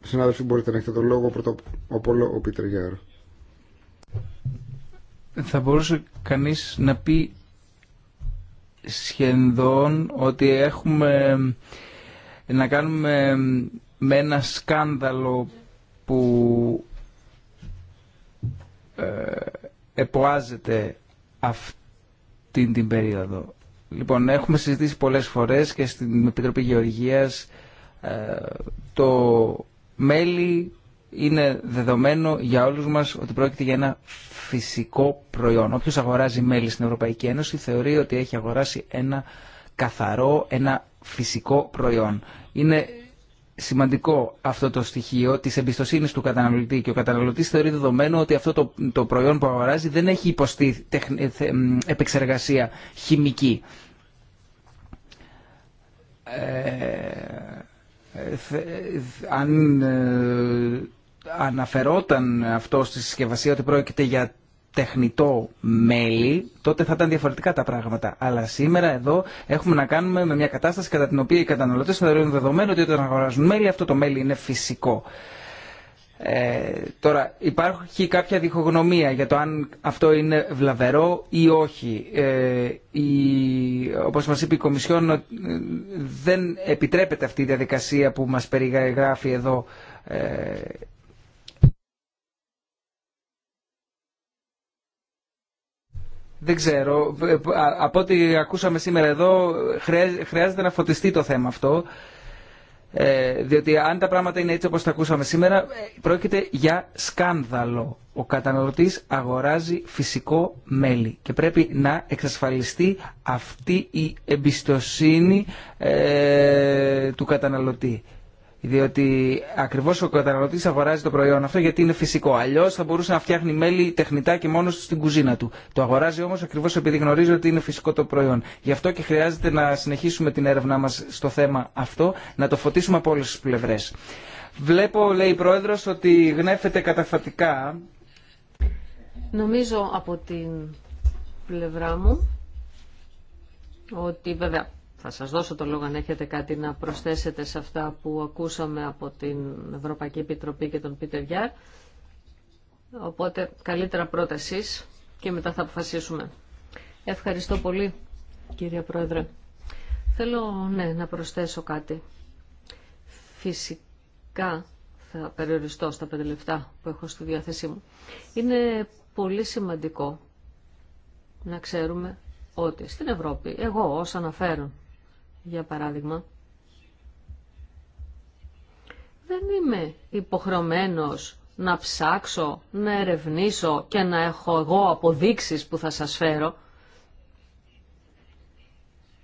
συνάδελφοι μπορείτε να έχετε τον λόγο πρώτο απ' όλο ο Πίτερ Γιάρ. Θα μπορούσε κανείς να πει σχεδόν ότι έχουμε να κάνουμε με ένα σκάνδαλο που ε, εποάζεται αυτή την περίοδο. Λοιπόν, έχουμε συζητήσει πολλές φορές και στην Επιτροπή Γεωργίας ε, το μέλι είναι δεδομένο για όλους μας ότι πρόκειται για ένα φυσικό προϊόν. Όποιος αγοράζει μέλι στην Ευρωπαϊκή Ένωση θεωρεί ότι έχει αγοράσει ένα καθαρό, ένα φυσικό προϊόν. Είναι σημαντικό αυτό το στοιχείο τη εμπιστοσύνη του καταναλωτή και ο καταναλωτή θεωρεί δεδομένο ότι αυτό το, το προϊόν που αγοράζει δεν έχει υποστεί επεξεργασία χημική. Ε, αν ε, αναφερόταν αυτό στη συσκευασία ότι πρόκειται για τεχνητό μέλι, τότε θα ήταν διαφορετικά τα πράγματα. Αλλά σήμερα εδώ έχουμε να κάνουμε με μια κατάσταση κατά την οποία οι καταναλωτές θεωρούν δεδομένο ότι όταν αγοράζουν μέλι, αυτό το μέλι είναι φυσικό. Ε, τώρα υπάρχει κάποια διχογνωμία για το αν αυτό είναι βλαβερό ή όχι. Ε, η, όπως μας είπε η Κομισιόν ε, δεν επιτρέπεται αυτή η διαδικασία που μας περιγράφει εδώ ε, Δεν ξέρω. Από ό,τι ακούσαμε σήμερα εδώ, χρειάζεται να φωτιστεί το θέμα αυτό. Ε, διότι αν τα πράγματα είναι έτσι όπως τα ακούσαμε σήμερα, ε, πρόκειται για σκάνδαλο. Ο καταναλωτής αγοράζει φυσικό μέλι και πρέπει να εξασφαλιστεί αυτή η εμπιστοσύνη ε, του καταναλωτή. Διότι ακριβώς ο καταναλωτή αγοράζει το προϊόν αυτό γιατί είναι φυσικό. Αλλιώ θα μπορούσε να φτιάχνει μέλι τεχνητά και μόνο στην κουζίνα του. Το αγοράζει όμως ακριβώς επειδή γνωρίζει ότι είναι φυσικό το προϊόν. Γι' αυτό και χρειάζεται να συνεχίσουμε την έρευνά μας στο θέμα αυτό, να το φωτίσουμε από όλε τι πλευρέ. Βλέπω, λέει η πρόεδρο, ότι γνέφεται καταφατικά. Νομίζω από την πλευρά μου ότι βέβαια θα σας δώσω το λόγο αν έχετε κάτι να προσθέσετε σε αυτά που ακούσαμε από την Ευρωπαϊκή Επιτροπή και τον Πίτερ Γιάρ. Οπότε καλύτερα πρώτα εσείς και μετά θα αποφασίσουμε. Ευχαριστώ πολύ κύριε Πρόεδρε. Θέλω ναι, να προσθέσω κάτι. Φυσικά θα περιοριστώ στα πέντε που έχω στη διάθεσή μου. Είναι πολύ σημαντικό να ξέρουμε ότι στην Ευρώπη, εγώ ως αναφέρον για παράδειγμα, δεν είμαι υποχρεωμένος να ψάξω, να ερευνήσω και να έχω εγώ αποδείξεις που θα σας φέρω.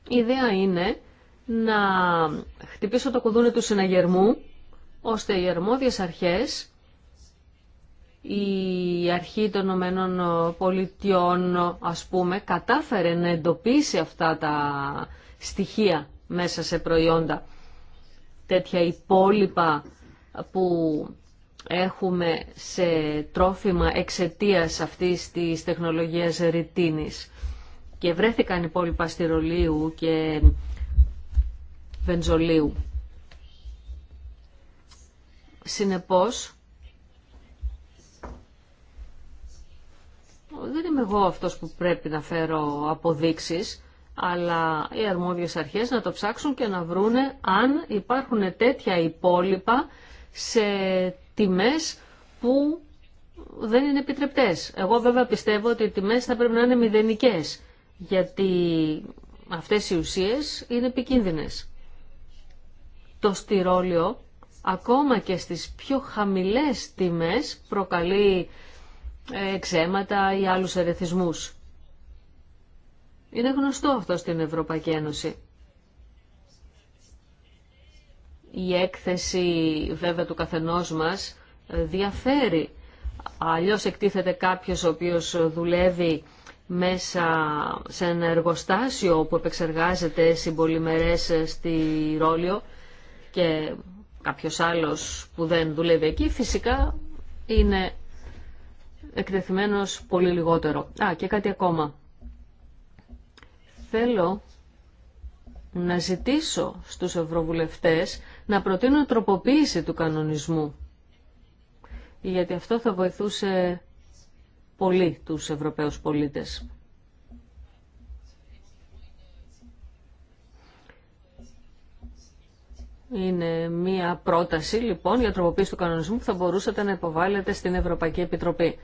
Η ιδέα είναι να χτυπήσω το κουδούνι του συναγερμού, ώστε οι αρμόδιες αρχές, η αρχή των Ηνωμένων ας πούμε, κατάφερε να εντοπίσει αυτά τα στοιχεία μέσα σε προϊόντα. Τέτοια υπόλοιπα που έχουμε σε τρόφιμα εξαιτίας αυτής της τεχνολογίας ρητίνης. Και βρέθηκαν υπόλοιπα στυρολίου και βενζολίου. Συνεπώς, δεν είμαι εγώ αυτός που πρέπει να φέρω αποδείξεις αλλά οι αρμόδιες αρχές να το ψάξουν και να βρούνε αν υπάρχουν τέτοια υπόλοιπα σε τιμές που δεν είναι επιτρεπτές. Εγώ βέβαια πιστεύω ότι οι τιμές θα πρέπει να είναι μηδενικές, γιατί αυτές οι ουσίες είναι επικίνδυνες. Το στυρόλιο, ακόμα και στις πιο χαμηλές τιμές, προκαλεί εξέματα ή άλλους ερεθισμούς. Είναι γνωστό αυτό στην Ευρωπαϊκή Ένωση. Η έκθεση βέβαια του καθενός μας διαφέρει. Αλλιώς εκτίθεται κάποιος ο οποίος δουλεύει μέσα σε ένα εργοστάσιο που επεξεργάζεται συμπολιμερές στη Ρόλιο και κάποιος άλλος που δεν δουλεύει εκεί φυσικά είναι εκτεθειμένος πολύ λιγότερο. Α, και κάτι ακόμα θέλω να ζητήσω στους ευρωβουλευτές να προτείνουν τροποποίηση του κανονισμού. Γιατί αυτό θα βοηθούσε πολύ τους Ευρωπαίους πολίτες. Είναι μία πρόταση λοιπόν για τροποποίηση του κανονισμού που θα μπορούσατε να υποβάλλετε στην Ευρωπαϊκή Επιτροπή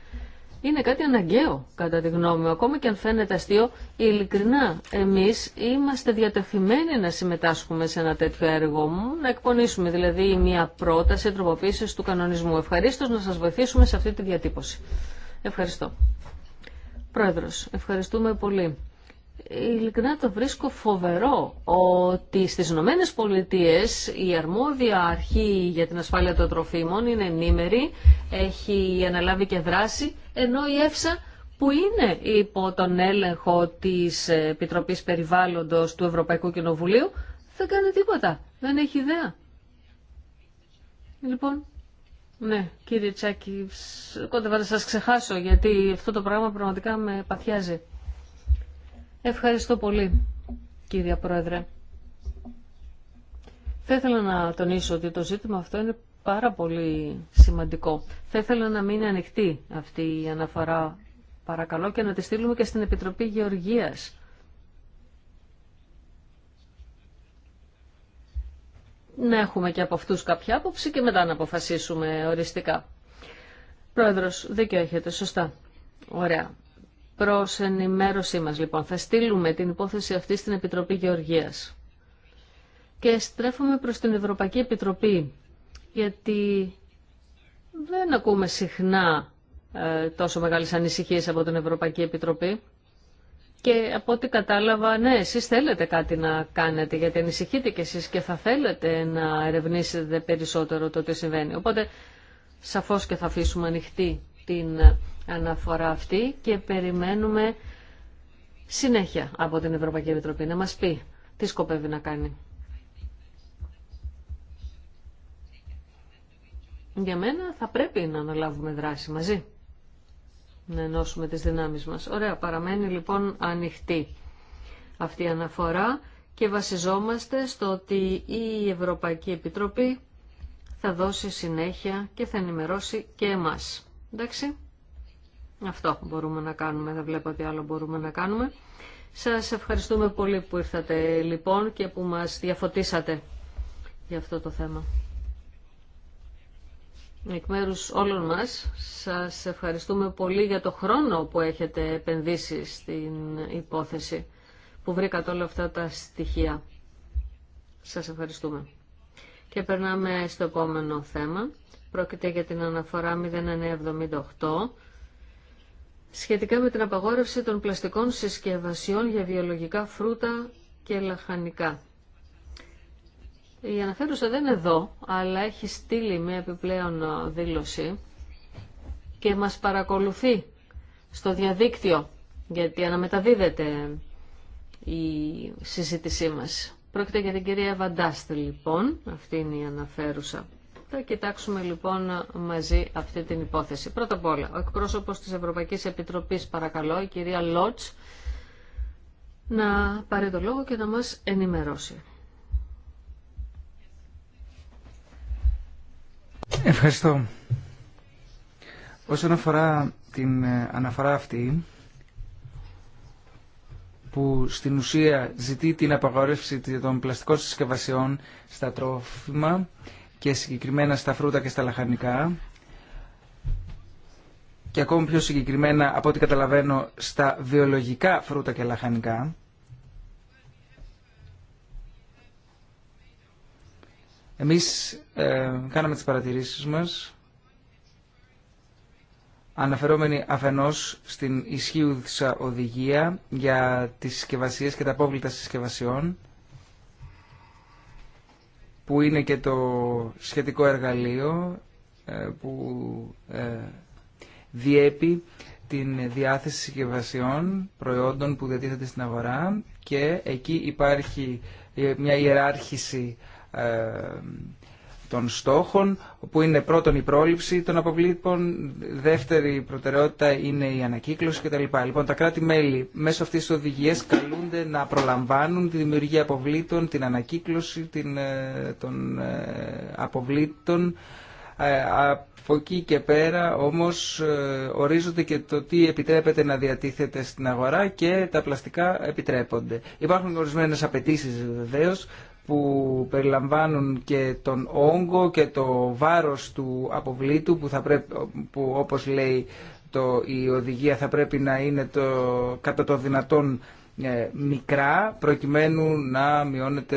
είναι κάτι αναγκαίο κατά τη γνώμη μου. Ακόμα και αν φαίνεται αστείο, ειλικρινά εμείς είμαστε διατεθειμένοι να συμμετάσχουμε σε ένα τέτοιο έργο μου, να εκπονήσουμε δηλαδή μια πρόταση τροποποίηση του κανονισμού. Ευχαριστώ, να σα βοηθήσουμε σε αυτή τη διατύπωση. Ευχαριστώ. Πρόεδρος, ευχαριστούμε πολύ ειλικρινά το βρίσκω φοβερό ότι στις Ηνωμένε Πολιτείες η αρμόδια αρχή για την ασφάλεια των τροφίμων είναι ενήμερη, έχει αναλάβει και δράση, ενώ η ΕΦΣΑ που είναι υπό τον έλεγχο της Επιτροπής Περιβάλλοντος του Ευρωπαϊκού Κοινοβουλίου δεν κάνει τίποτα, δεν έχει ιδέα. Λοιπόν, ναι, κύριε Τσάκη, κόντευα να σας ξεχάσω γιατί αυτό το πράγμα πραγματικά με παθιάζει. Ευχαριστώ πολύ, κύριε Πρόεδρε. Θα ήθελα να τονίσω ότι το ζήτημα αυτό είναι πάρα πολύ σημαντικό. Θα ήθελα να μείνει ανοιχτή αυτή η αναφορά, παρακαλώ, και να τη στείλουμε και στην Επιτροπή Γεωργίας. Να έχουμε και από αυτούς κάποια άποψη και μετά να αποφασίσουμε οριστικά. Πρόεδρος, δίκιο έχετε, σωστά. Ωραία προς ενημέρωσή μας λοιπόν. Θα στείλουμε την υπόθεση αυτή στην Επιτροπή Γεωργίας. Και στρέφουμε προς την Ευρωπαϊκή Επιτροπή, γιατί δεν ακούμε συχνά ε, τόσο μεγάλες ανησυχίες από την Ευρωπαϊκή Επιτροπή. Και από ό,τι κατάλαβα, ναι, εσείς θέλετε κάτι να κάνετε, γιατί ανησυχείτε κι εσείς και θα θέλετε να ερευνήσετε περισσότερο το τι συμβαίνει. Οπότε, σαφώς και θα αφήσουμε ανοιχτή την αναφορά αυτή και περιμένουμε συνέχεια από την Ευρωπαϊκή Επιτροπή να μας πει τι σκοπεύει να κάνει. Για μένα θα πρέπει να αναλάβουμε δράση μαζί, να ενώσουμε τις δυνάμεις μας. Ωραία, παραμένει λοιπόν ανοιχτή αυτή η αναφορά και βασιζόμαστε στο ότι η Ευρωπαϊκή Επιτροπή θα δώσει συνέχεια και θα ενημερώσει και εμάς. Εντάξει. Αυτό μπορούμε να κάνουμε. Δεν βλέπω τι άλλο μπορούμε να κάνουμε. Σας ευχαριστούμε πολύ που ήρθατε λοιπόν και που μας διαφωτίσατε για αυτό το θέμα. Εκ μέρους όλων μας, σας ευχαριστούμε πολύ για το χρόνο που έχετε επενδύσει στην υπόθεση, που βρήκατε όλα αυτά τα στοιχεία. Σας ευχαριστούμε. Και περνάμε στο επόμενο θέμα, Πρόκειται για την αναφορά 0978 σχετικά με την απαγόρευση των πλαστικών συσκευασιών για βιολογικά φρούτα και λαχανικά. Η αναφέρουσα δεν είναι εδώ, αλλά έχει στείλει μια επιπλέον δήλωση και μας παρακολουθεί στο διαδίκτυο, γιατί αναμεταδίδεται η συζήτησή μας. Πρόκειται για την κυρία Βαντάστη, λοιπόν, αυτή είναι η αναφέρουσα. Θα κοιτάξουμε λοιπόν μαζί αυτή την υπόθεση. Πρώτα απ' όλα, ο εκπρόσωπος της Ευρωπαϊκής Επιτροπής, παρακαλώ, η κυρία Λότς, να πάρει το λόγο και να μας ενημερώσει. Ευχαριστώ. Όσον αφορά την ε, αναφορά αυτή, που στην ουσία ζητεί την απαγόρευση των πλαστικών συσκευασιών στα τρόφιμα, και συγκεκριμένα στα φρούτα και στα λαχανικά και ακόμη πιο συγκεκριμένα από ό,τι καταλαβαίνω στα βιολογικά φρούτα και λαχανικά. Εμείς ε, κάναμε τις παρατηρήσεις μας αναφερόμενοι αφενός στην ισχύουσα οδηγία για τις συσκευασίες και τα απόβλητα συσκευασιών που είναι και το σχετικό εργαλείο ε, που ε, διέπει την διάθεση συσκευασιών προϊόντων που διατίθεται στην αγορά και εκεί υπάρχει μια ιεράρχηση ε, των στόχων, που είναι πρώτον η πρόληψη των αποβλήτων, δεύτερη προτεραιότητα είναι η ανακύκλωση κτλ. Λοιπόν, τα κράτη-μέλη μέσω αυτής της οδηγίας καλούνται να προλαμβάνουν τη δημιουργία αποβλήτων, την ανακύκλωση την, ε, των ε, αποβλήτων. Ε, από εκεί και πέρα όμως ορίζονται και το τι επιτρέπεται να διατίθεται στην αγορά και τα πλαστικά επιτρέπονται. Υπάρχουν ορισμένες απαιτήσει βεβαίω που περιλαμβάνουν και τον όγκο και το βάρος του αποβλήτου που, θα πρέπει, που όπως λέει το, η οδηγία θα πρέπει να είναι το, κατά το δυνατόν ε, μικρά προκειμένου να μειώνεται,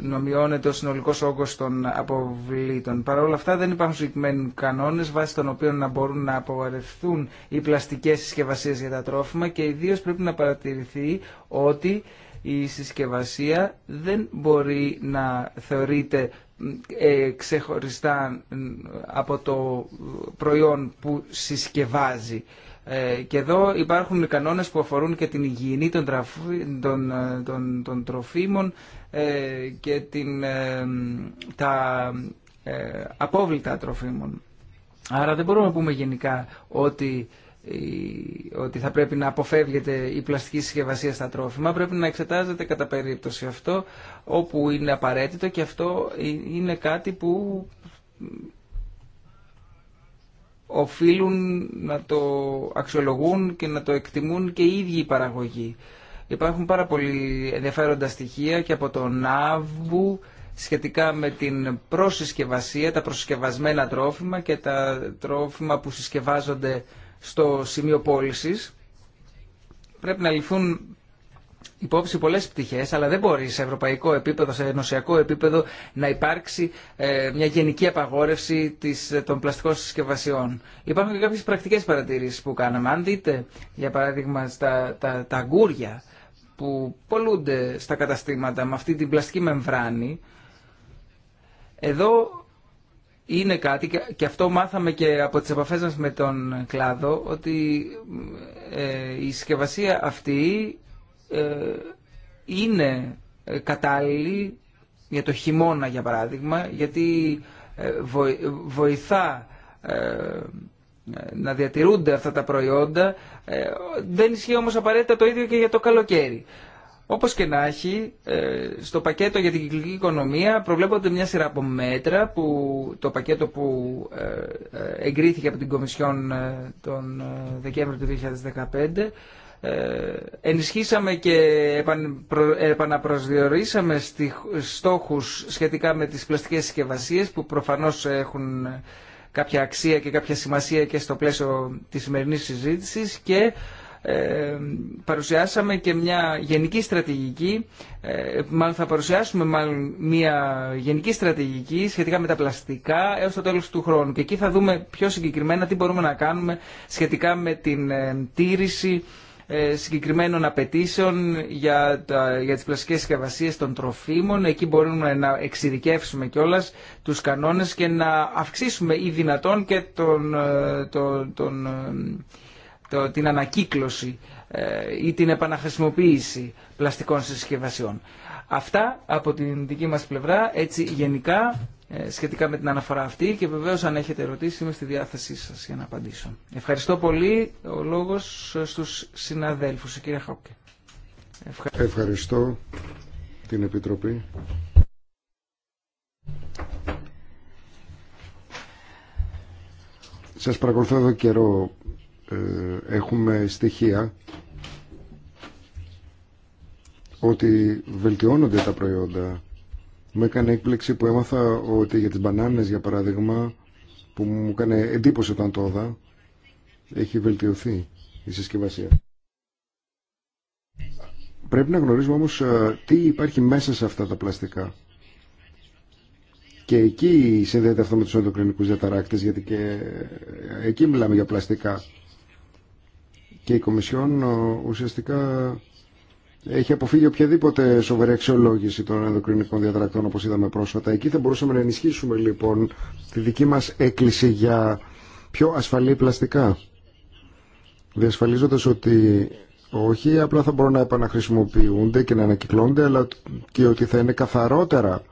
να μειώνεται ο συνολικός όγκος των αποβλήτων. Παρ' όλα αυτά δεν υπάρχουν συγκεκριμένοι κανόνες βάσει των οποίων να μπορούν να απογορευτούν οι πλαστικές συσκευασίες για τα τρόφιμα και ιδίως πρέπει να παρατηρηθεί ότι η συσκευασία δεν μπορεί να θεωρείται ε, ξεχωριστά από το προϊόν που συσκευάζει. Ε, και εδώ υπάρχουν οι κανόνες που αφορούν και την υγιεινή των, ε, των, τροφίμων ε, και την, τα απόβλητα τροφίμων. Άρα δεν μπορούμε να πούμε γενικά ότι ότι θα πρέπει να αποφεύγεται η πλαστική συσκευασία στα τρόφιμα πρέπει να εξετάζεται κατά περίπτωση αυτό όπου είναι απαραίτητο και αυτό είναι κάτι που οφείλουν να το αξιολογούν και να το εκτιμούν και οι ίδιοι οι παραγωγοί. Υπάρχουν πάρα πολύ ενδιαφέροντα στοιχεία και από το νάβου σχετικά με την προσυσκευασία, τα προσυσκευασμένα τρόφιμα και τα τρόφιμα που συσκευάζονται στο σημείο πώληση, Πρέπει να ληφθούν υπόψη πολλές πτυχές, αλλά δεν μπορεί σε ευρωπαϊκό επίπεδο, σε ενωσιακό επίπεδο να υπάρξει ε, μια γενική απαγόρευση της, ε, των πλαστικών συσκευασιών. Υπάρχουν και κάποιες πρακτικές παρατηρήσεις που κάναμε. Αν δείτε, για παράδειγμα, στα, τα, τα αγκούρια που πολλούνται στα καταστήματα με αυτή την πλαστική μεμβράνη, εδώ είναι κάτι και αυτό μάθαμε και από τις επαφές μας με τον κλάδο ότι ε, η συσκευασία αυτή ε, είναι ε, κατάλληλη για το χειμώνα για παράδειγμα γιατί βοηθά να διατηρούνται αυτά τα προϊόντα δεν ισχύει όμως απαραίτητα το ίδιο και για το καλοκαίρι. Όπως και να έχει, ε, στο πακέτο για την κυκλική οικονομία προβλέπονται μια σειρά από μέτρα που το πακέτο που ε, ε, εγκρίθηκε από την Κομισιόν τον Δεκέμβριο του 2015 ενισχύσαμε και επαναπροσδιορίσαμε στόχους σχετικά με τις πλαστικές συσκευασίε που προφανώς έχουν κάποια αξία και κάποια σημασία και στο πλαίσιο της σημερινής συζήτησης και ε, παρουσιάσαμε και μια γενική στρατηγική, ε, μάλλον θα παρουσιάσουμε μάλλον μια γενική στρατηγική σχετικά με τα πλαστικά έως το τέλος του χρόνου. Και εκεί θα δούμε πιο συγκεκριμένα τι μπορούμε να κάνουμε σχετικά με την ε, τήρηση ε, συγκεκριμένων απαιτήσεων για, τα, για τις πλαστικές συσκευασίε των τροφίμων. Εκεί μπορούμε να εξειδικεύσουμε κιόλα τους κανόνες και να αυξήσουμε ή δυνατόν και τον, ε, τον, τον το, την ανακύκλωση ε, ή την επαναχρησιμοποίηση πλαστικών συσκευασιών. Αυτά από την δική μας πλευρά, έτσι γενικά, ε, σχετικά με την αναφορά αυτή και βεβαίως αν έχετε ερωτήσεις είμαι στη διάθεσή σας για να απαντήσω. Ευχαριστώ πολύ. Ο λόγος στους συναδέλφους, κύριε Χόκε. Ευχαριστώ. Ευχαριστώ την Επιτροπή. Σας παρακολουθώ εδώ καιρό ε, έχουμε στοιχεία ότι βελτιώνονται τα προϊόντα. Μου έκανε έκπληξη που έμαθα ότι για τις μπανάνες, για παράδειγμα, που μου έκανε εντύπωση όταν το είδα, έχει βελτιωθεί η συσκευασία. Πρέπει να γνωρίζουμε όμως ε, τι υπάρχει μέσα σε αυτά τα πλαστικά. Και εκεί συνδέεται αυτό με τους ενδοκρινικούς διαταράκτες, γιατί και ε, εκεί μιλάμε για πλαστικά και η Κομισιόν ουσιαστικά έχει αποφύγει οποιαδήποτε σοβαρή αξιολόγηση των ενδοκρινικών διατρακτών όπως είδαμε πρόσφατα. Εκεί θα μπορούσαμε να ενισχύσουμε λοιπόν τη δική μας έκκληση για πιο ασφαλή πλαστικά διασφαλίζοντας ότι όχι απλά θα μπορούν να επαναχρησιμοποιούνται και να ανακυκλώνται αλλά και ότι θα είναι καθαρότερα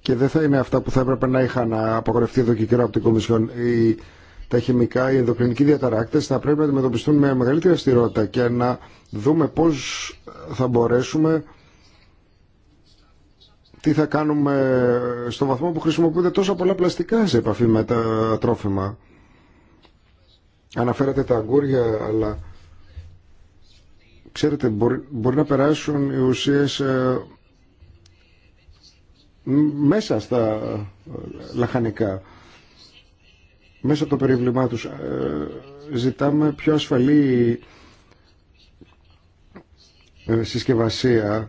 και δεν θα είναι αυτά που θα έπρεπε να είχαν αποκρευτεί εδώ και καιρό από την Κομισιόν. Η τα χημικά, οι ενδοκρινικοί διαταράκτες θα πρέπει να αντιμετωπιστούν με μεγαλύτερη αυστηρότητα και να δούμε πώς θα μπορέσουμε τι θα κάνουμε στο βαθμό που χρησιμοποιούνται τόσο πολλά πλαστικά σε επαφή με τα τρόφιμα. Αναφέρατε τα αγκούρια, αλλά ξέρετε μπορεί, να περάσουν οι ουσίες ε, μέσα στα ε, λαχανικά μέσα από το περιβλημά τους ε, ζητάμε πιο ασφαλή ε, συσκευασία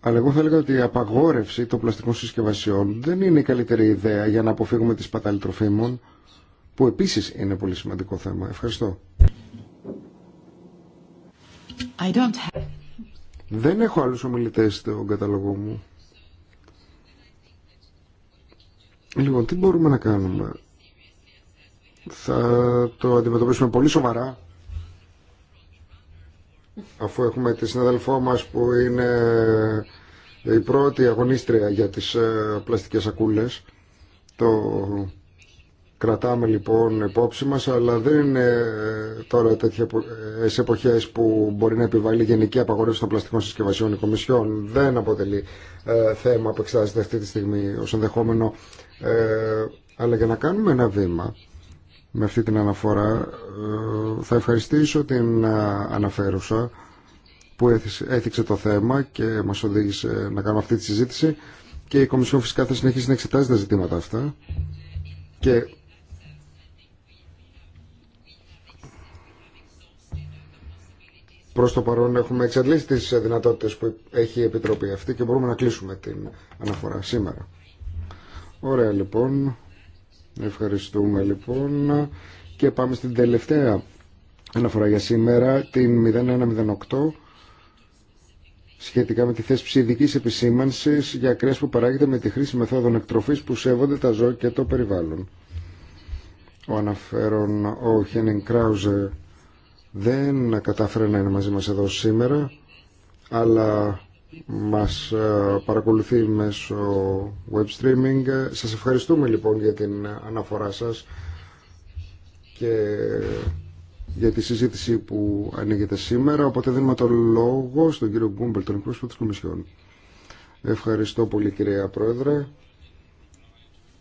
αλλά εγώ θα έλεγα ότι η απαγόρευση των πλαστικών συσκευασιών δεν είναι η καλύτερη ιδέα για να αποφύγουμε τις πατάλη που επίσης είναι πολύ σημαντικό θέμα. Ευχαριστώ. Δεν έχω άλλους ομιλητές στον καταλογό μου. Λοιπόν, τι μπορούμε να κάνουμε θα το αντιμετωπίσουμε πολύ σοβαρά αφού έχουμε τη συναδελφό μας που είναι η πρώτη αγωνίστρια για τις ε, πλαστικές σακούλες το κρατάμε λοιπόν υπόψη μας αλλά δεν είναι ε, τώρα τέτοιες ε, εποχές που μπορεί να επιβάλλει γενική απαγορεύση των πλαστικών συσκευασιών η Κομισιόν δεν αποτελεί θέμα που εξετάζεται αυτή τη στιγμή ως ενδεχόμενο ε, αλλά για να κάνουμε ένα βήμα με αυτή την αναφορά. Ε, θα ευχαριστήσω την ε, αναφέρουσα που έθιξε το θέμα και μας οδήγησε να κάνουμε αυτή τη συζήτηση και η Κομισιόν φυσικά θα συνεχίσει να εξετάζει τα ζητήματα αυτά και προς το παρόν έχουμε εξαντλήσει τις δυνατότητες που έχει η Επιτροπή αυτή και μπορούμε να κλείσουμε την αναφορά σήμερα. Ωραία λοιπόν. Ευχαριστούμε λοιπόν και πάμε στην τελευταία αναφορά για σήμερα, την 0108 σχετικά με τη θέση ψηδική επισήμανση για κρέας που παράγεται με τη χρήση μεθόδων εκτροφή που σέβονται τα ζώα και το περιβάλλον. Ο αναφέρον ο Χένιν Κράουζε δεν κατάφερε να είναι μαζί μας εδώ σήμερα, αλλά μας ε, παρακολουθεί μέσω web streaming. Σας ευχαριστούμε λοιπόν για την αναφορά σας και για τη συζήτηση που ανοίγεται σήμερα. Οπότε δίνουμε το λόγο στον κύριο Γκούμπελ, τον εκπρόσωπο της Κομισιόν. Ευχαριστώ πολύ κυρία Πρόεδρε.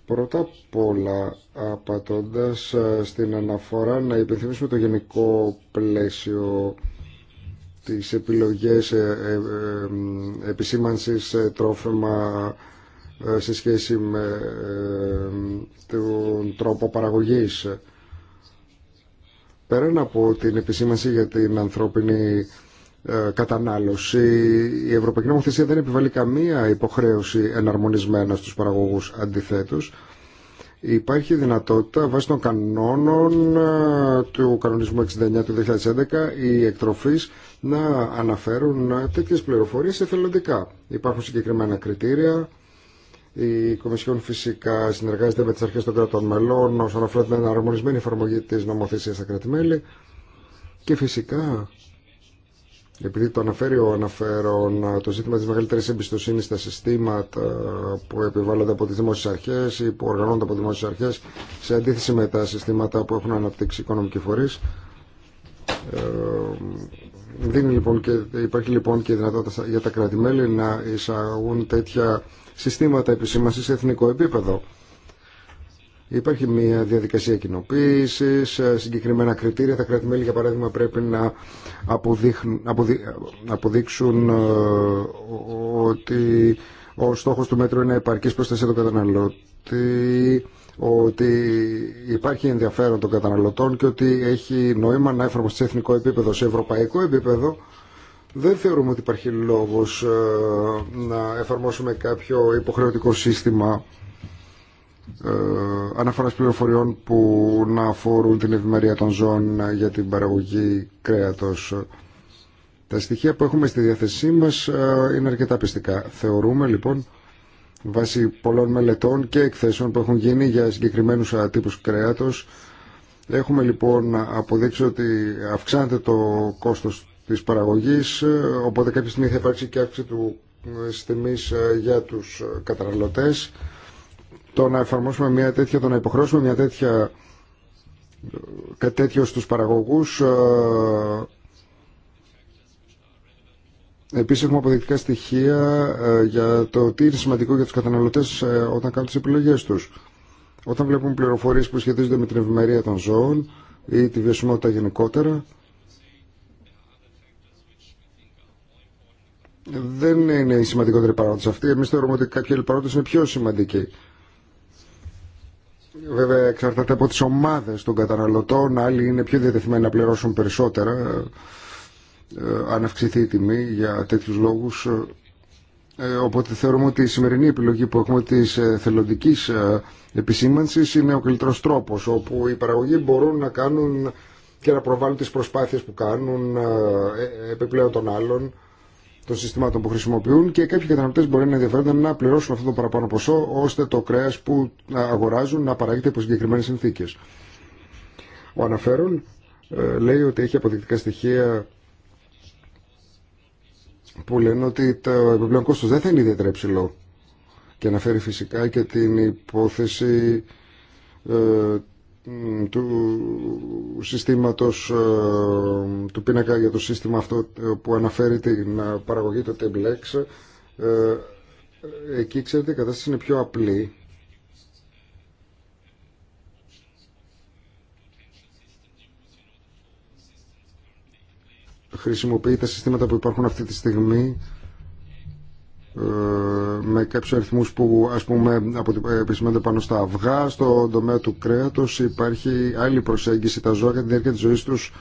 Πρώτα απ' όλα, απατώντας ε, στην αναφορά, να υπενθυμίσουμε το γενικό πλαίσιο τις επιλογές ε, ε, ε, επισήμανσης τρόφιμα σε σχέση με τον τρόπο παραγωγής. Πέραν από την επισήμανση για την ανθρώπινη κατανάλωση, η Ευρωπαϊκή Νομοθεσία δεν επιβάλλει καμία υποχρέωση εναρμονισμένα στους παραγωγούς αντιθέτως υπάρχει δυνατότητα βάσει των κανόνων ε, του κανονισμού 69 του 2011 οι εκτροφείς να αναφέρουν ε, τέτοιες πληροφορίες εθελοντικά. Υπάρχουν συγκεκριμένα κριτήρια. Η Κομισιόν φυσικά συνεργάζεται με τις αρχές των κρατών μελών όσον αφορά την αναρμονισμένη εφαρμογή της νομοθεσίας στα κράτη-μέλη και φυσικά επειδή το αναφέρει ο αναφέρον το ζήτημα της μεγαλύτερης εμπιστοσύνης στα συστήματα που επιβάλλονται από τις δημόσιες αρχές ή που οργανώνονται από τις δημόσιες αρχές σε αντίθεση με τα συστήματα που έχουν αναπτύξει οικονομικοί φορείς ε, δίνει λοιπόν και, υπάρχει λοιπόν και δυνατότητα για τα κράτη-μέλη να εισαγούν τέτοια συστήματα επισήμασης σε εθνικό επίπεδο. Υπάρχει μια διαδικασία κοινοποίηση, ε, συγκεκριμένα κριτήρια. Τα κράτη-μέλη, για παράδειγμα, πρέπει να αποδείξουν ε, ότι ο στόχος του μέτρου είναι επαρκής προστασία των καταναλωτή, ότι υπάρχει ενδιαφέρον των καταναλωτών και ότι έχει νόημα να εφαρμοστεί σε εθνικό επίπεδο, σε ευρωπαϊκό επίπεδο. Δεν θεωρούμε ότι υπάρχει λόγος ε, να εφαρμόσουμε κάποιο υποχρεωτικό σύστημα ε, αναφοράς πληροφοριών που να αφορούν την ευημερία των ζώων για την παραγωγή κρέατος. Τα στοιχεία που έχουμε στη διάθεσή μας ε, είναι αρκετά πιστικά. Θεωρούμε λοιπόν βάσει πολλών μελετών και εκθέσεων που έχουν γίνει για συγκεκριμένους τύπους κρέατος Έχουμε λοιπόν αποδείξει ότι αυξάνεται το κόστος της παραγωγής, ε, οπότε κάποια στιγμή θα υπάρξει και αύξηση του στιγμής για τους καταναλωτές το να εφαρμόσουμε μια τέτοια, το να υποχρεώσουμε μια τέτοια κάτι τέτοιο στους παραγωγούς ε, Επίσης έχουμε αποδεικτικά στοιχεία ε, για το τι είναι σημαντικό για τους καταναλωτές ε, όταν κάνουν τις επιλογές τους. Όταν βλέπουμε πληροφορίες που σχετίζονται με την ευημερία των ζώων ή τη βιωσιμότητα γενικότερα, δεν είναι Εμείς παράγοντες αυτή. Εμείς θεωρούμε ότι κάποιοι άλλοι είναι πιο σημαντική. Βέβαια εξαρτάται από τι ομάδε των καταναλωτών, άλλοι είναι πιο διατεθειμένοι να πληρώσουν περισσότερα ε, αν αυξηθεί η τιμή για τέτοιους λόγους. Ε, οπότε θεωρούμε ότι η σημερινή επιλογή που έχουμε της ε, θελοντικής επισήμανσης είναι ο καλύτερο τρόπο, όπου οι παραγωγοί μπορούν να κάνουν και να προβάλλουν τις προσπάθειε που κάνουν επιπλέον των άλλων των συστημάτων που χρησιμοποιούν και κάποιοι καταναλωτέ μπορεί να ενδιαφέρονται να πληρώσουν αυτό το παραπάνω ποσό ώστε το κρέα που αγοράζουν να παράγεται υπό συγκεκριμένε συνθήκε. Ο αναφέρον ε, λέει ότι έχει αποδεικτικά στοιχεία που λένε ότι το επιπλέον κόστο δεν θα είναι ιδιαίτερα υψηλό και αναφέρει φυσικά και την υπόθεση ε, του συστήματος ε, του πίνακα για το σύστημα αυτό ε, που αναφέρει την ε, παραγωγή του Tablex. εκεί ξέρετε η κατάσταση είναι πιο απλή χρησιμοποιεί τα συστήματα που υπάρχουν αυτή τη στιγμή ε, με κάποιους αριθμούς που ας πούμε επισημαίνονται πάνω στα αυγά στον τομέα του κρέατος υπάρχει άλλη προσέγγιση τα ζώα και τη διάρκεια της ζωής τους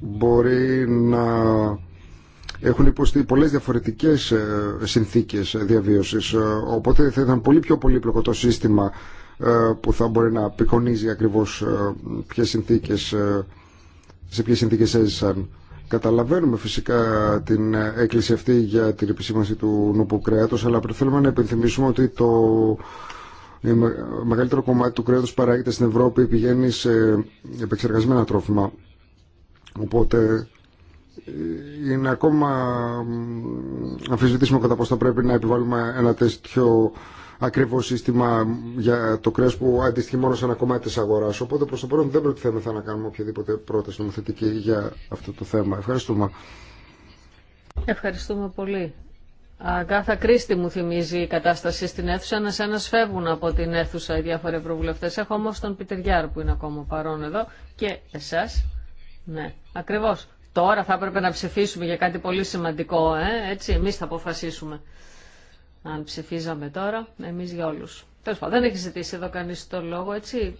μπορεί να έχουν υποστεί πολλές διαφορετικές ε, συνθήκες διαβίωσης ε, οπότε θα ήταν πολύ πιο πολύπλοκο το σύστημα που θα μπορεί να απεικονίζει ακριβώς ποιες συνθήκες σε ποιες συνθήκες έζησαν Καταλαβαίνουμε φυσικά την έκκληση αυτή για την επισήμανση του νουπού κρέατος, αλλά θέλουμε να υπενθυμίσουμε ότι το μεγαλύτερο κομμάτι του κρέατος παράγεται στην Ευρώπη, πηγαίνει σε επεξεργασμένα τρόφιμα. Οπότε είναι ακόμα αμφισβητήσιμο κατά πώς θα πρέπει να επιβάλλουμε ένα τέτοιο Ακριβώ σύστημα για το κρέα που αντιστοιχεί μόνο σε ένα κομμάτι τη αγοράς. Οπότε προ το παρόν δεν προτιθέμεθα να κάνουμε οποιαδήποτε πρόταση νομοθετική για αυτό το θέμα. Ευχαριστούμε. Ευχαριστούμε πολύ. Αγκάθα Κρίστη μου θυμίζει η κατάσταση στην αίθουσα. Ένα ένα φεύγουν από την αίθουσα οι διάφοροι ευρωβουλευτέ. Έχω όμω τον Πίτερ που είναι ακόμα παρόν εδώ και εσά. Ναι, ακριβώ. Τώρα θα έπρεπε να ψηφίσουμε για κάτι πολύ σημαντικό, ε, έτσι. Εμεί θα αποφασίσουμε αν ψηφίζαμε τώρα, εμείς για όλου. Τέλος πάντων, δεν έχει ζητήσει εδώ κανείς το λόγο, έτσι.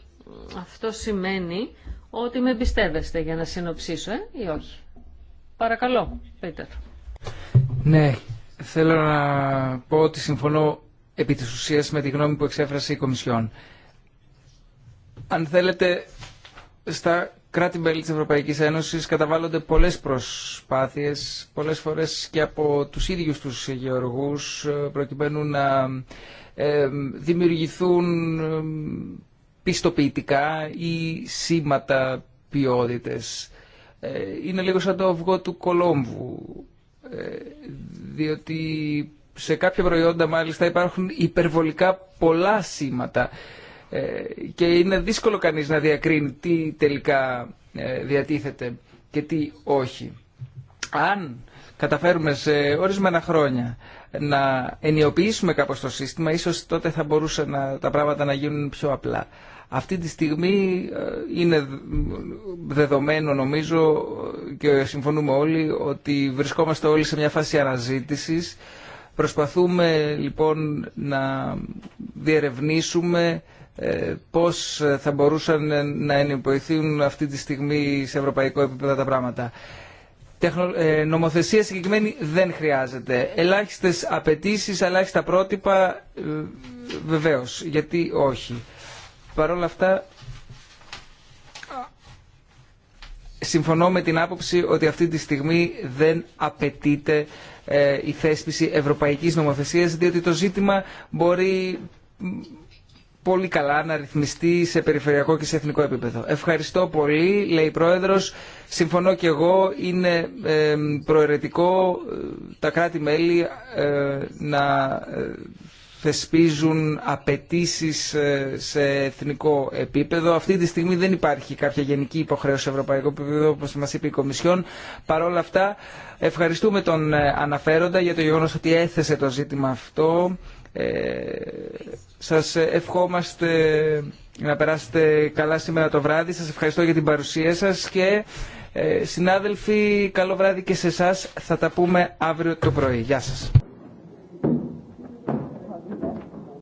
Αυτό σημαίνει ότι με εμπιστεύεστε για να συνοψίσω, ε, ή όχι. Παρακαλώ, Πίτερ. Ναι, θέλω να πω ότι συμφωνώ επί της ουσίας με τη γνώμη που εξέφρασε η Κομισιόν. Αν θέλετε, στα κράτη-μέλη της Ευρωπαϊκής Ένωσης καταβάλλονται πολλές προσπάθειες, πολλές φορές και από τους ίδιους τους γεωργούς, ε, προκειμένου να ε, δημιουργηθούν ε, πιστοποιητικά ή σήματα ποιότητες. Είναι λίγο σαν το αυγό του Κολόμβου, διότι σε κάποια προϊόντα μάλιστα υπάρχουν υπερβολικά πολλά σήματα ε, και είναι δύσκολο κανείς να διακρίνει τι τελικά ε, διατίθεται και τι όχι. Αν καταφέρουμε σε ορισμένα χρόνια να ενιοποιήσουμε κάπως το σύστημα, ίσως τότε θα μπορούσε να, τα πράγματα να γίνουν πιο απλά. Αυτή τη στιγμή ε, είναι δεδομένο νομίζω και συμφωνούμε όλοι ότι βρισκόμαστε όλοι σε μια φάση αναζήτησης. Προσπαθούμε λοιπόν να διερευνήσουμε ε, πώς θα μπορούσαν να ενυποηθούν αυτή τη στιγμή σε ευρωπαϊκό επίπεδο τα πράγματα. Ε, νομοθεσία συγκεκριμένη δεν χρειάζεται. Ελάχιστες απαιτήσει, ελάχιστα πρότυπα, ε, βεβαίως, γιατί όχι. Παρ' όλα αυτά, συμφωνώ με την άποψη ότι αυτή τη στιγμή δεν απαιτείται η θέσπιση ευρωπαϊκής νομοθεσίας, διότι το ζήτημα μπορεί πολύ καλά να ρυθμιστεί σε περιφερειακό και σε εθνικό επίπεδο. Ευχαριστώ πολύ, λέει η Πρόεδρος. Συμφωνώ και εγώ, είναι προαιρετικό ε, τα κράτη-μέλη ε, να ε, θεσπίζουν απαιτήσει σε εθνικό επίπεδο. Αυτή τη στιγμή δεν υπάρχει κάποια γενική υποχρέωση σε ευρωπαϊκό επίπεδο, όπω μα είπε η Κομισιόν. Παρ' όλα αυτά, ευχαριστούμε τον αναφέροντα για το γεγονός ότι έθεσε το ζήτημα αυτό. Σας ευχόμαστε να περάσετε καλά σήμερα το βράδυ. Σας ευχαριστώ για την παρουσία σας και ε, συνάδελφοι καλό βράδυ και σε εσά. Θα τα πούμε αύριο το πρωί. Γεια σας.